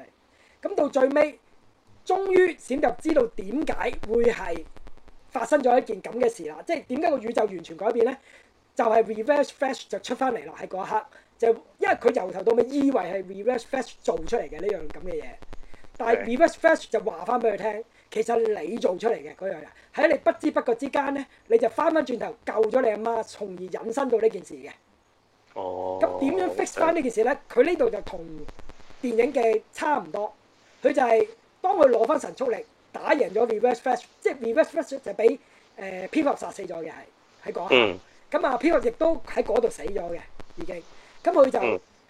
咁，到最尾。終於閃就知道點解會係發生咗一件咁嘅事啦！即係點解個宇宙完全改變咧？就係 Reverse Flash 就出翻嚟咯。喺嗰一刻就因為佢由頭到尾以為係 Reverse Flash 做出嚟嘅呢樣咁嘅嘢，但係 Reverse Flash 就話翻俾佢聽，其實你做出嚟嘅嗰樣嘢喺你不知不覺之間咧，你就翻翻轉頭救咗你阿媽，從而引申到呢件事嘅。哦。咁點樣 fix 翻呢件事咧？佢呢度就同電影嘅差唔多，佢就係。當佢攞翻神速力打贏咗 Reverse Flash，即係 Reverse Flash 就俾誒蝙蝠殺死咗嘅係喺嗰度，咁啊蝙蝠亦都喺嗰度死咗嘅已經。咁佢就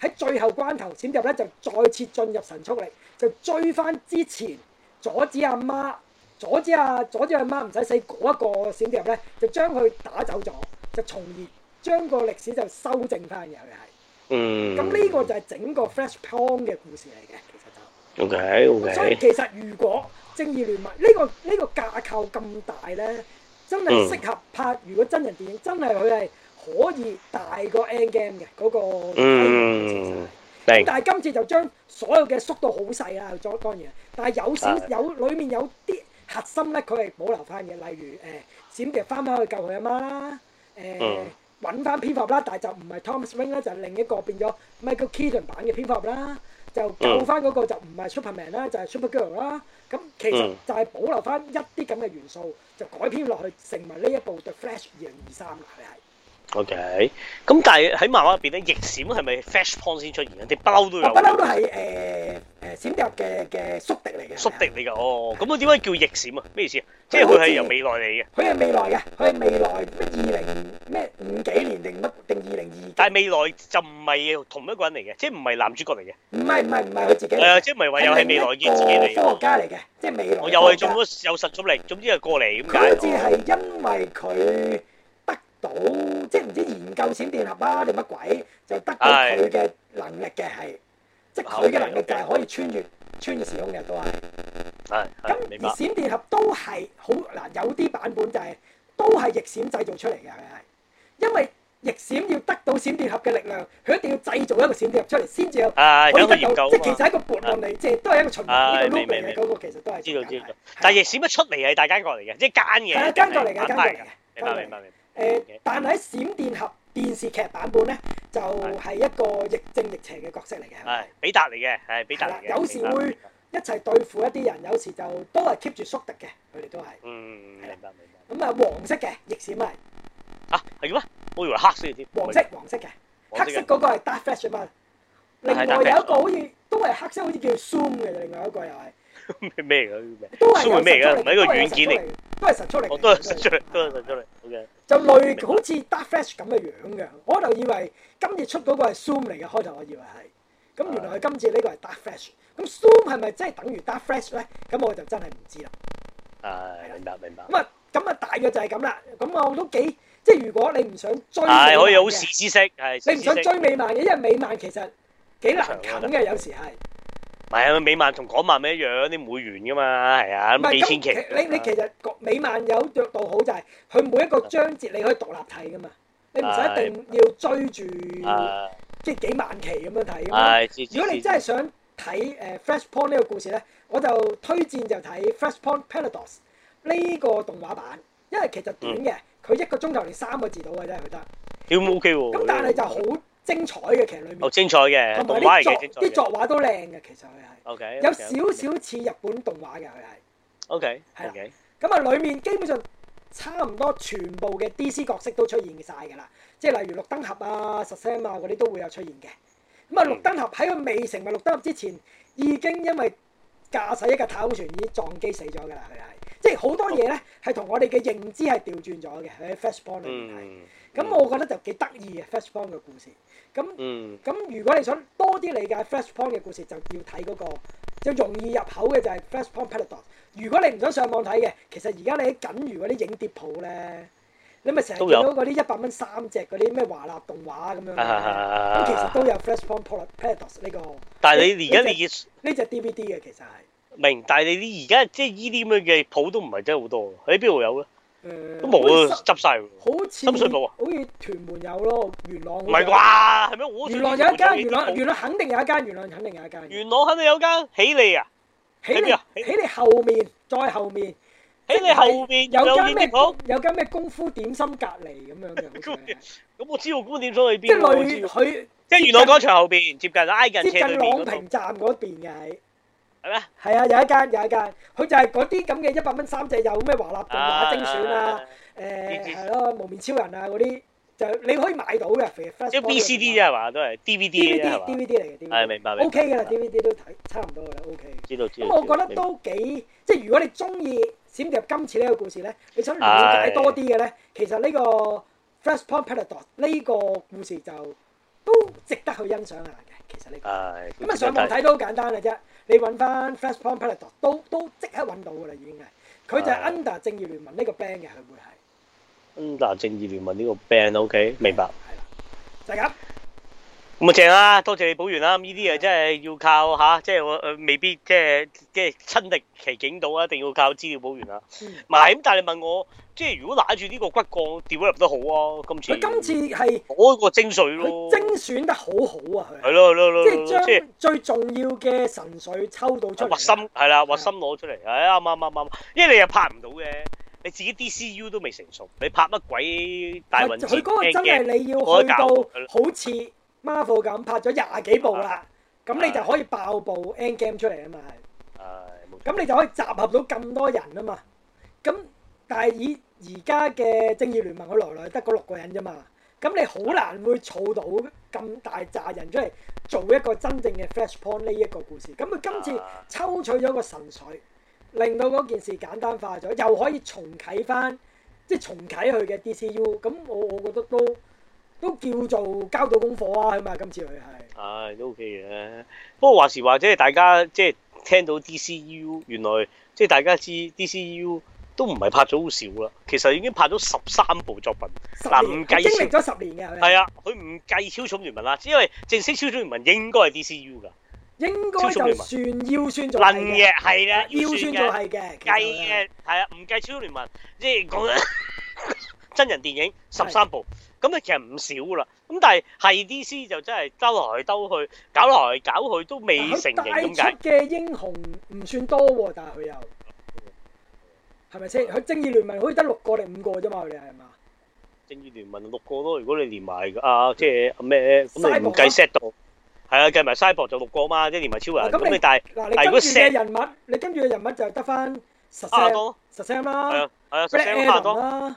喺最後關頭閃入咧，就再次進入神速力，就追翻之前阻止阿媽，阻止阿阻止阿媽唔使死嗰一個閃入咧，就將佢打走咗，就從而將個歷史就修正翻嘅又係。嗯。咁呢、mm. 個就係整個 Flashpoint 嘅故事嚟嘅。O K，O K。所以其實如果《正義聯盟》呢個呢個架構咁大咧，真係適合拍。如果真人電影真係佢係可以大過 N game 嘅嗰個。嗯。定。但係今次就將所有嘅縮到好細啦。當然，但係有少有裡面有啲核心咧，佢係保留翻嘅。例如誒，閃電翻返去救佢阿媽，誒揾翻蝙蝠俠啦。但係就唔係 Tom Cruise 咧，就係另一個變咗 Michael Keaton 版嘅蝙蝠俠啦。就救翻嗰個就唔係 Superman 啦，就係、是、Super Girl 啦。咁其實就係保留翻一啲咁嘅元素，就改編落去成為呢一部 The Flash 二零二三啦，你係。O K，咁但係喺漫畫入邊咧，逆閃係咪 Flashpoint 先出現啊？啲不嬲都有，不嬲都係誒誒閃電俠嘅嘅宿敵嚟嘅，宿敵嚟噶。哦，咁佢點解叫逆閃啊？咩意思啊？即係佢係由未來嚟嘅，佢係未來嘅，佢係未來乜二零咩五幾年定乜定二零二？但係未來就唔係同一個人嚟嘅，即係唔係男主角嚟嘅？唔係唔係唔係佢自己誒，即係唔係話又係未來嘅自己嚟嘅科學家嚟嘅，即係未來又係做乜又實咗嚟？總之係過嚟點解？總之係因為佢。到即係唔知研究閃電俠啊定乜鬼，就得到佢嘅能力嘅係，即係佢嘅能力就係可以穿越、穿越時空嘅都係。係係。咁而閃電俠都係好嗱，有啲版本就係都係逆閃製造出嚟嘅，因為逆閃要得到閃電俠嘅力量，佢一定要製造一個閃電俠出嚟先至有。係有研究。即係其實係一個伴侶嚟，即係都係一個循環，都未嚟嗰個，其實都係。知道知道。但係逆閃一出嚟係大間過嚟嘅，即係間嘢。係間過嚟嘅，間過嚟嘅。明白明白明。誒，Okay. 但係喺閃電俠電視劇版本咧，就係、是、一個亦正亦邪嘅角色嚟嘅。係，比達嚟嘅，係的比達嚟嘅。有時會一齊對付一啲人，有時就都係 keep 住宿突嘅，佢哋都係。嗯，的明白明白。咁啊，黃色嘅，逆閃咪啊，係咁啊，我以為黑色添。黃色黃色嘅，黑色嗰個係 Dark Flash 咁嘛。的另外有一個好似都係黑色，好似叫 Zoom 嘅，另外一個又係。咩嘅？都係實出嚟，都係實出嚟，都係實出嚟。就類白好似 Dark Flash 咁嘅樣嘅，我就以為今次出嗰個係 Zoom 嚟嘅，開頭我以為係。咁原來佢今次呢個係 Dark Flash。咁 Zoom 係咪真係等於 Dark Flash 咧？咁我就真係唔知啦。係、哎，明白明白。咁啊，咁啊，大約就係咁啦。咁啊，我都幾即係，如果你唔想追，係可以好事知識。係，你唔想追美漫嘅，因為美漫其實幾難啃嘅，有時係。係啊，美漫同港漫咩一樣，啲唔會完噶嘛，係啊，咁是幾千期。實啊、你你其實美漫有角度好就係、是，佢每一個章節你可以獨立睇噶嘛，你唔使一定要追住即係幾萬期咁樣睇噶嘛。啊、如果你真係想睇誒 Flashpoint 呢個故事咧，我就推薦就睇 Flashpoint Paradox 呢個動畫版，因為其實短嘅，佢、嗯、一個鐘頭你三個字到嘅，真係得。屌，OK 喎。咁但係就好。哦、精彩嘅，其實裏面好精彩嘅，同埋啲作啲作畫都靚嘅，其實佢係 OK，okay 有少少似日本動畫嘅佢係 OK，係 okay ,啦的。咁啊，裡面基本上差唔多全部嘅 DC 角色都出現晒㗎啦。即係例如綠燈俠啊、十 a 啊嗰啲都會有出現嘅。咁啊，綠燈俠喺佢未成為綠燈俠之前，已經因為駕駛一個太空船已經撞機死咗㗎啦。佢係。即係好多嘢咧，係同我哋嘅認知係調轉咗嘅喺 Flashpoint 裏面。咁、嗯嗯、我覺得就幾得意嘅 Flashpoint 嘅故事。咁咁、嗯、如果你想多啲理解 Flashpoint 嘅故事，就要睇嗰、嗰個，就容易入口嘅就係 Flashpoint Paradox。如果你唔想上網睇嘅，其實而家你喺僅餘嗰啲影碟鋪咧，你咪成日見到嗰啲一百蚊三隻嗰啲咩華納動畫咁樣嘅。咁、啊、其實都有 Flashpoint Paradox 呢、這個。但係你而家你呢隻 DVD 嘅其實係。明，但係你啲而家即係依啲咁嘅鋪都唔係真係好多喺邊度有咧？誒，都冇啊，執曬喎。深水埗啊？好似屯門有咯，元朗。唔係啩？係咩？元朗有一間，元朗元朗肯定有一間，元朗肯定有一間。元朗肯定有一間喜利啊！喜利啊！喜利後面，再後面，喜利後面有間咩鋪？有間咩功夫點心隔離咁樣嘅。咁我知個功夫點心喺邊？即係佢，即係元朗廣場後邊，接近 I G N 車隊嗰度。近朗屏站嗰邊嘅喺。係咩？係啊，有一間，有一間，佢就係嗰啲咁嘅一百蚊三隻有咩華立動畫精選啊？誒，係咯，無面超人啊嗰啲，就你可以買到嘅。即 B C D 啫係嘛，都係 D V D 嚟嘅。係明白明白。O K 嘅 D V D 都睇差唔多嘅 O K。知道知道。咁我覺得都幾即係如果你中意閃入今次呢個故事咧，你想了解多啲嘅咧，其實呢個 Flashpoint Paradox 呢個故事就都值得去欣賞下嘅。其實呢個咁啊上網睇都好簡單嘅啫。你揾翻 Flashpoint Paradox 都都即刻揾到噶啦，已經係佢就係 Under 正義聯盟呢個 band 嘅，佢會係 Under 正義聯盟呢個 band，OK、okay，明白？係啦，就係咁。咁啊正啦，多謝你補完啦，呢啲啊真係要靠吓、啊，即係我未必即係即係親歷其境到啊，一定要靠資料補完啊。唔係咁，但係你問我，即係如果攋住呢個骨幹調入得好啊，今次佢今次係攞個精髓咯，精選得好好啊，係咯、啊，即係將最重要嘅神髓抽到出嚟，核心係啦，核心攞出嚟，係啱啱啱啱，因為你又拍唔到嘅，你自己 D C U 都未成熟，你拍乜鬼大運？佢嗰個真係你要去到好似。了 Marvel 咁拍咗廿幾部啦，咁、啊、你就可以爆部 Endgame 出嚟啊嘛，係、啊。咁你就可以集合到咁多人啊嘛，咁但係以而家嘅正義聯盟我來來得嗰六個人啫嘛，咁你好難會儲到咁大扎人出嚟做一個真正嘅 Flashpoint 呢一個故事。咁佢今次抽取咗個神髓，令到嗰件事簡單化咗，又可以重啟翻，即係重啟佢嘅 DCU。咁我我覺得都。都叫做交到功課啊，係咪？今次佢係，唉，都 OK 嘅。不過話時話，即係大家即係聽到 D.C.U. 原來即係大家知 D.C.U. 都唔係拍咗好少啦。其實已經拍咗十三部作品嗱，唔計證明咗十年嘅係啊。佢唔計超超超超聯盟啦，因為正式超超聯盟應該係 D.C.U. 噶，應該就算要算做能嘅係啦，要算做係嘅計嘅係啊，唔計超超聯盟，即係講 真人電影十三部。的咁咧，其實唔少啦，咁但係係 DC 就真係兜來兜去，搞來搞去都未成型咁解。佢帶出嘅英雄唔算多喎，但係佢又，係咪先？佢《正義聯盟》好似得六個定五個啫嘛，你係嘛？《正義聯盟》六個咯，如果你連埋嘅，啊，即係咩咁樣計 set 到，係啊，計埋 cyborg 就六個嘛，即係連埋超人咁你但係，但係如果 set 人物，你跟住嘅人物就係得翻十三，十三啦，Black Adam 啦。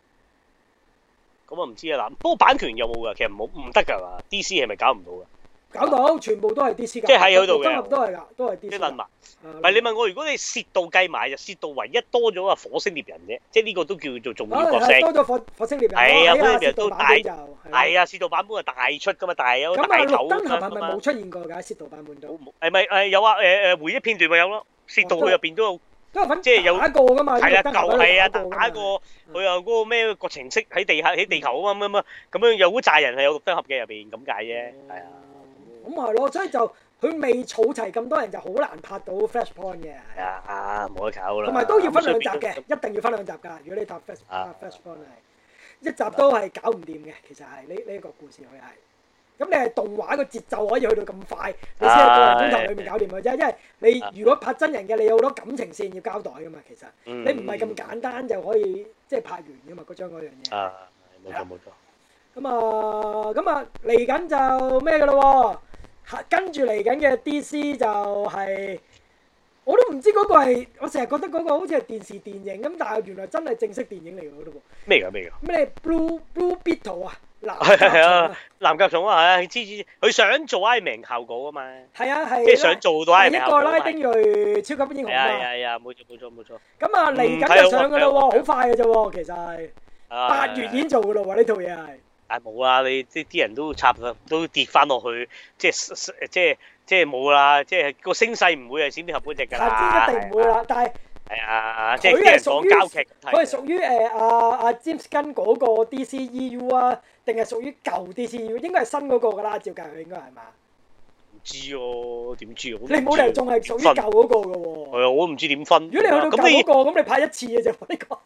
咁啊唔知啊嗱，不過版權有冇噶？其實冇唔得噶，係嘛？DC 係咪搞唔到噶？搞到全部都係 DC 即係喺嗰度嘅，都係噶，都係 DC。你問埋，唔係你問我，如果你涉《涉道》計埋就《涉道》唯一多咗個《火星獵人》啫，即係呢個都叫做重要角色。啊、多咗《火星獵人》哎呀。係啊，嗰日、哎、呀都大，係、哎、啊，《涉道》版本啊大出噶嘛，大有大頭綠燈俠係咪冇出現過嘅《涉道》版本度？誒咪誒有啊誒誒回憶片段咪有咯，《涉道》佢入面都有。呃都即係有打過噶嘛，係啊，舊係啊，打打過，佢又嗰個咩個程式喺地下喺地球啊嘛，咁啊，咁樣有好炸人係有六燈合嘅入邊咁解啫，係啊，咁啊係咯，所以就佢未儲齊咁多人就好難拍到 Flashpoint 嘅，係啊，啊，唔好搞啦，同埋都要分兩集嘅，一定要分兩集噶，如果你拍 Flash，拍 Flashpoint 係一集都係搞唔掂嘅，其實係呢呢個故事佢係。咁你係動畫個節奏可以去到咁快，你先個個鐘頭裏面搞掂佢啫。啊、因為你如果拍真人嘅，你有好多感情線要交代噶嘛。其實、嗯、你唔係咁簡單就可以即係拍完噶嘛嗰張嗰樣嘢。冇錯冇錯。咁啊的，咁啊錯，嚟緊就咩噶咯喎？跟住嚟緊嘅 DC 就係、是、我都唔知嗰個係，我成日覺得嗰個好似係電視電影咁，但係原來真係正式電影嚟嘅咯喎。咩㗎咩㗎？咩 Blue Blue Beetle 啊？藍係啊，藍甲蟲啊，係，知知知，佢想做 i 明效果啊嘛，係啊係，即係想做到 i 明。一個拉丁裔超級英雄咯，係啊係啊，冇錯冇錯冇錯。咁啊，嚟緊就上噶啦，好快噶咋，其實係八月已演做噶啦，呢套嘢係。係冇啊，你啲啲人都插，都跌翻落去，即係即係即係冇啦即係個升勢唔會係先合嗰隻噶啦，一定唔會啦，但係 Sorry,。係啊，佢係屬於佢係屬於誒阿阿 James Gunn 嗰個 DCEU 啊，定係屬於舊 DCEU？應該係新嗰個噶啦，照計佢應該係嘛？唔知哦，點知啊？知知你冇理由仲係屬於舊嗰個噶喎？係啊，我都唔知點分。如果你去到舊嗰、那個，咁、嗯、你，你拍一次嘅就。我哋講。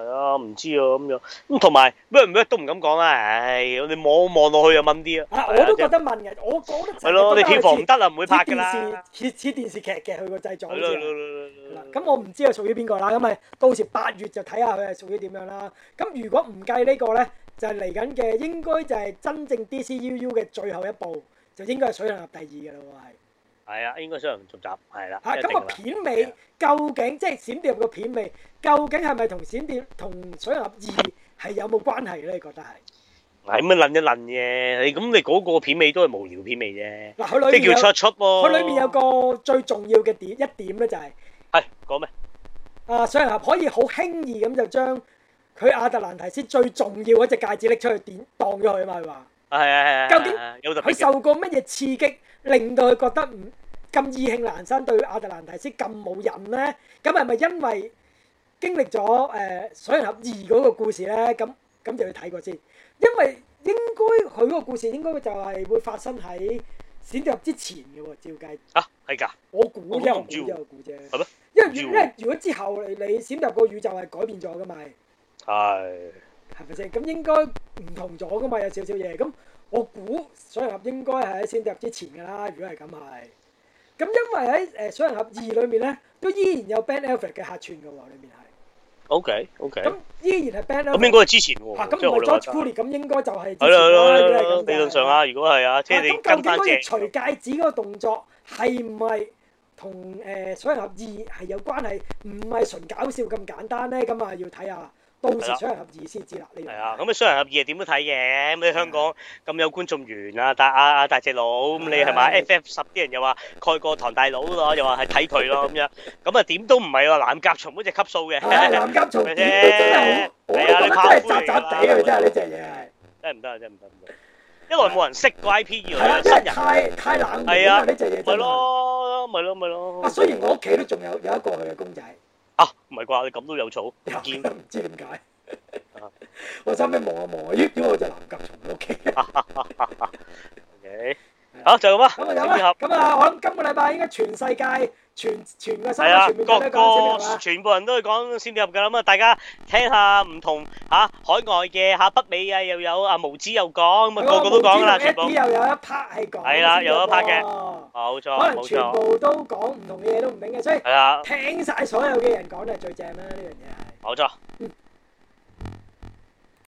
係啊，唔知啊咁樣，咁同埋咩咩都唔敢講啦，唉，你望望落去又問啲 啊。我都覺得問嘅，我講得係咯，我哋票房唔得啦，唔會拍噶啦。似似電視劇嘅佢個製作，咁我唔知佢屬於邊個啦，咁咪到時八月就睇下佢係屬於點樣啦。咁如果唔計呢個咧，就係嚟緊嘅，應該就係真正 D C U U 嘅最後一部，就應該係水行俠第二噶啦，係。係啊，應該水行續集，係啦吓。咁個片尾究竟即係閃電個片尾，究竟係咪同閃電同水行俠二係有冇關係咧？你覺得係？嗱咁啊，諗一諗啫。咁你嗰個片尾都係無聊片尾啫。嗱，佢裏邊即叫出出喎。佢裏邊有個最重要嘅點一點咧，就係係講咩？啊，水行俠可以好輕易咁就將佢亞特蘭提斯最重要嗰隻戒指拎出去點當咗佢啊嘛？佢話係係係。究竟佢受過乜嘢刺激，令到佢覺得唔？咁意興闌珊，對亞特蘭提斯咁冇癮咧。咁係咪因為經歷咗誒《水行俠2》嗰個故事咧？咁咁就要睇過先，因為應該佢嗰個故事應該就係會發生喺閃電俠之前嘅喎。照計啊，係㗎，我估我唔知啊，估啫，係咩？因為因為如果之後你閃電俠個宇宙係改變咗㗎嘛，係係咪先咁應該唔同咗㗎嘛？有少少嘢咁，我估《水行俠》應該係喺閃電俠之前㗎啦。如果係咁係。咁因為喺誒水人合二裏面咧，都依然有 Ben Affleck 嘅客串嘅喎、喔，裏面係。O K O K。咁依然係 Ben Affleck。咁應該係之前喎、喔。嚇、啊，咁唔係咗 George Clooney，咁應該就係。係係理論上啊，如果係啊，即係你。咁、嗯、究竟嗰除戒指嗰個動作係唔係同誒水人合二係有關係？唔係純搞笑咁簡單咧，咁、嗯、啊要睇下。到時雙人合意先知啦，呢個係啊，咁啊雙人合意啊點都睇嘅咁你香港咁有觀眾緣啊，大阿阿大隻佬咁你係咪 FF 十啲人又話蓋過唐大佬咯，又話係睇佢咯咁樣，咁啊點都唔係話藍甲蟲嗰隻級數嘅，係藍甲蟲嘅啫，係啊，你跑窄窄地佢真係呢隻嘢係真係唔得啊，真係唔得，因為冇人識個 IP 而係啊，因為太太冷門啊呢隻嘢，咪咯咪咯咪咯，啊雖然我屋企都仲有有一個佢嘅公仔。啊，唔係啩？你咁都有草，有見得唔知點解？我差咩望下望下，咦？點我就南極蟲？OK，OK，好就咁啦。咁啊，有啦。咁啊，我諗今個禮拜應該全世界。全全個新聞，個個、啊、全，全部人都係講先入噶啦嘛，大家聽下唔同吓、啊、海外嘅吓、啊、北美啊，又有阿、啊、毛子又講，咁啊個個都講啦，知全部。毛子又有一 part 係講。係啦、啊，有一 part 嘅，冇錯、啊，冇錯。可能全部都講唔同嘅嘢，都唔明嘅，所以，啊、所以聽晒所有嘅人講就最正啦，呢樣嘢係。冇錯。嗯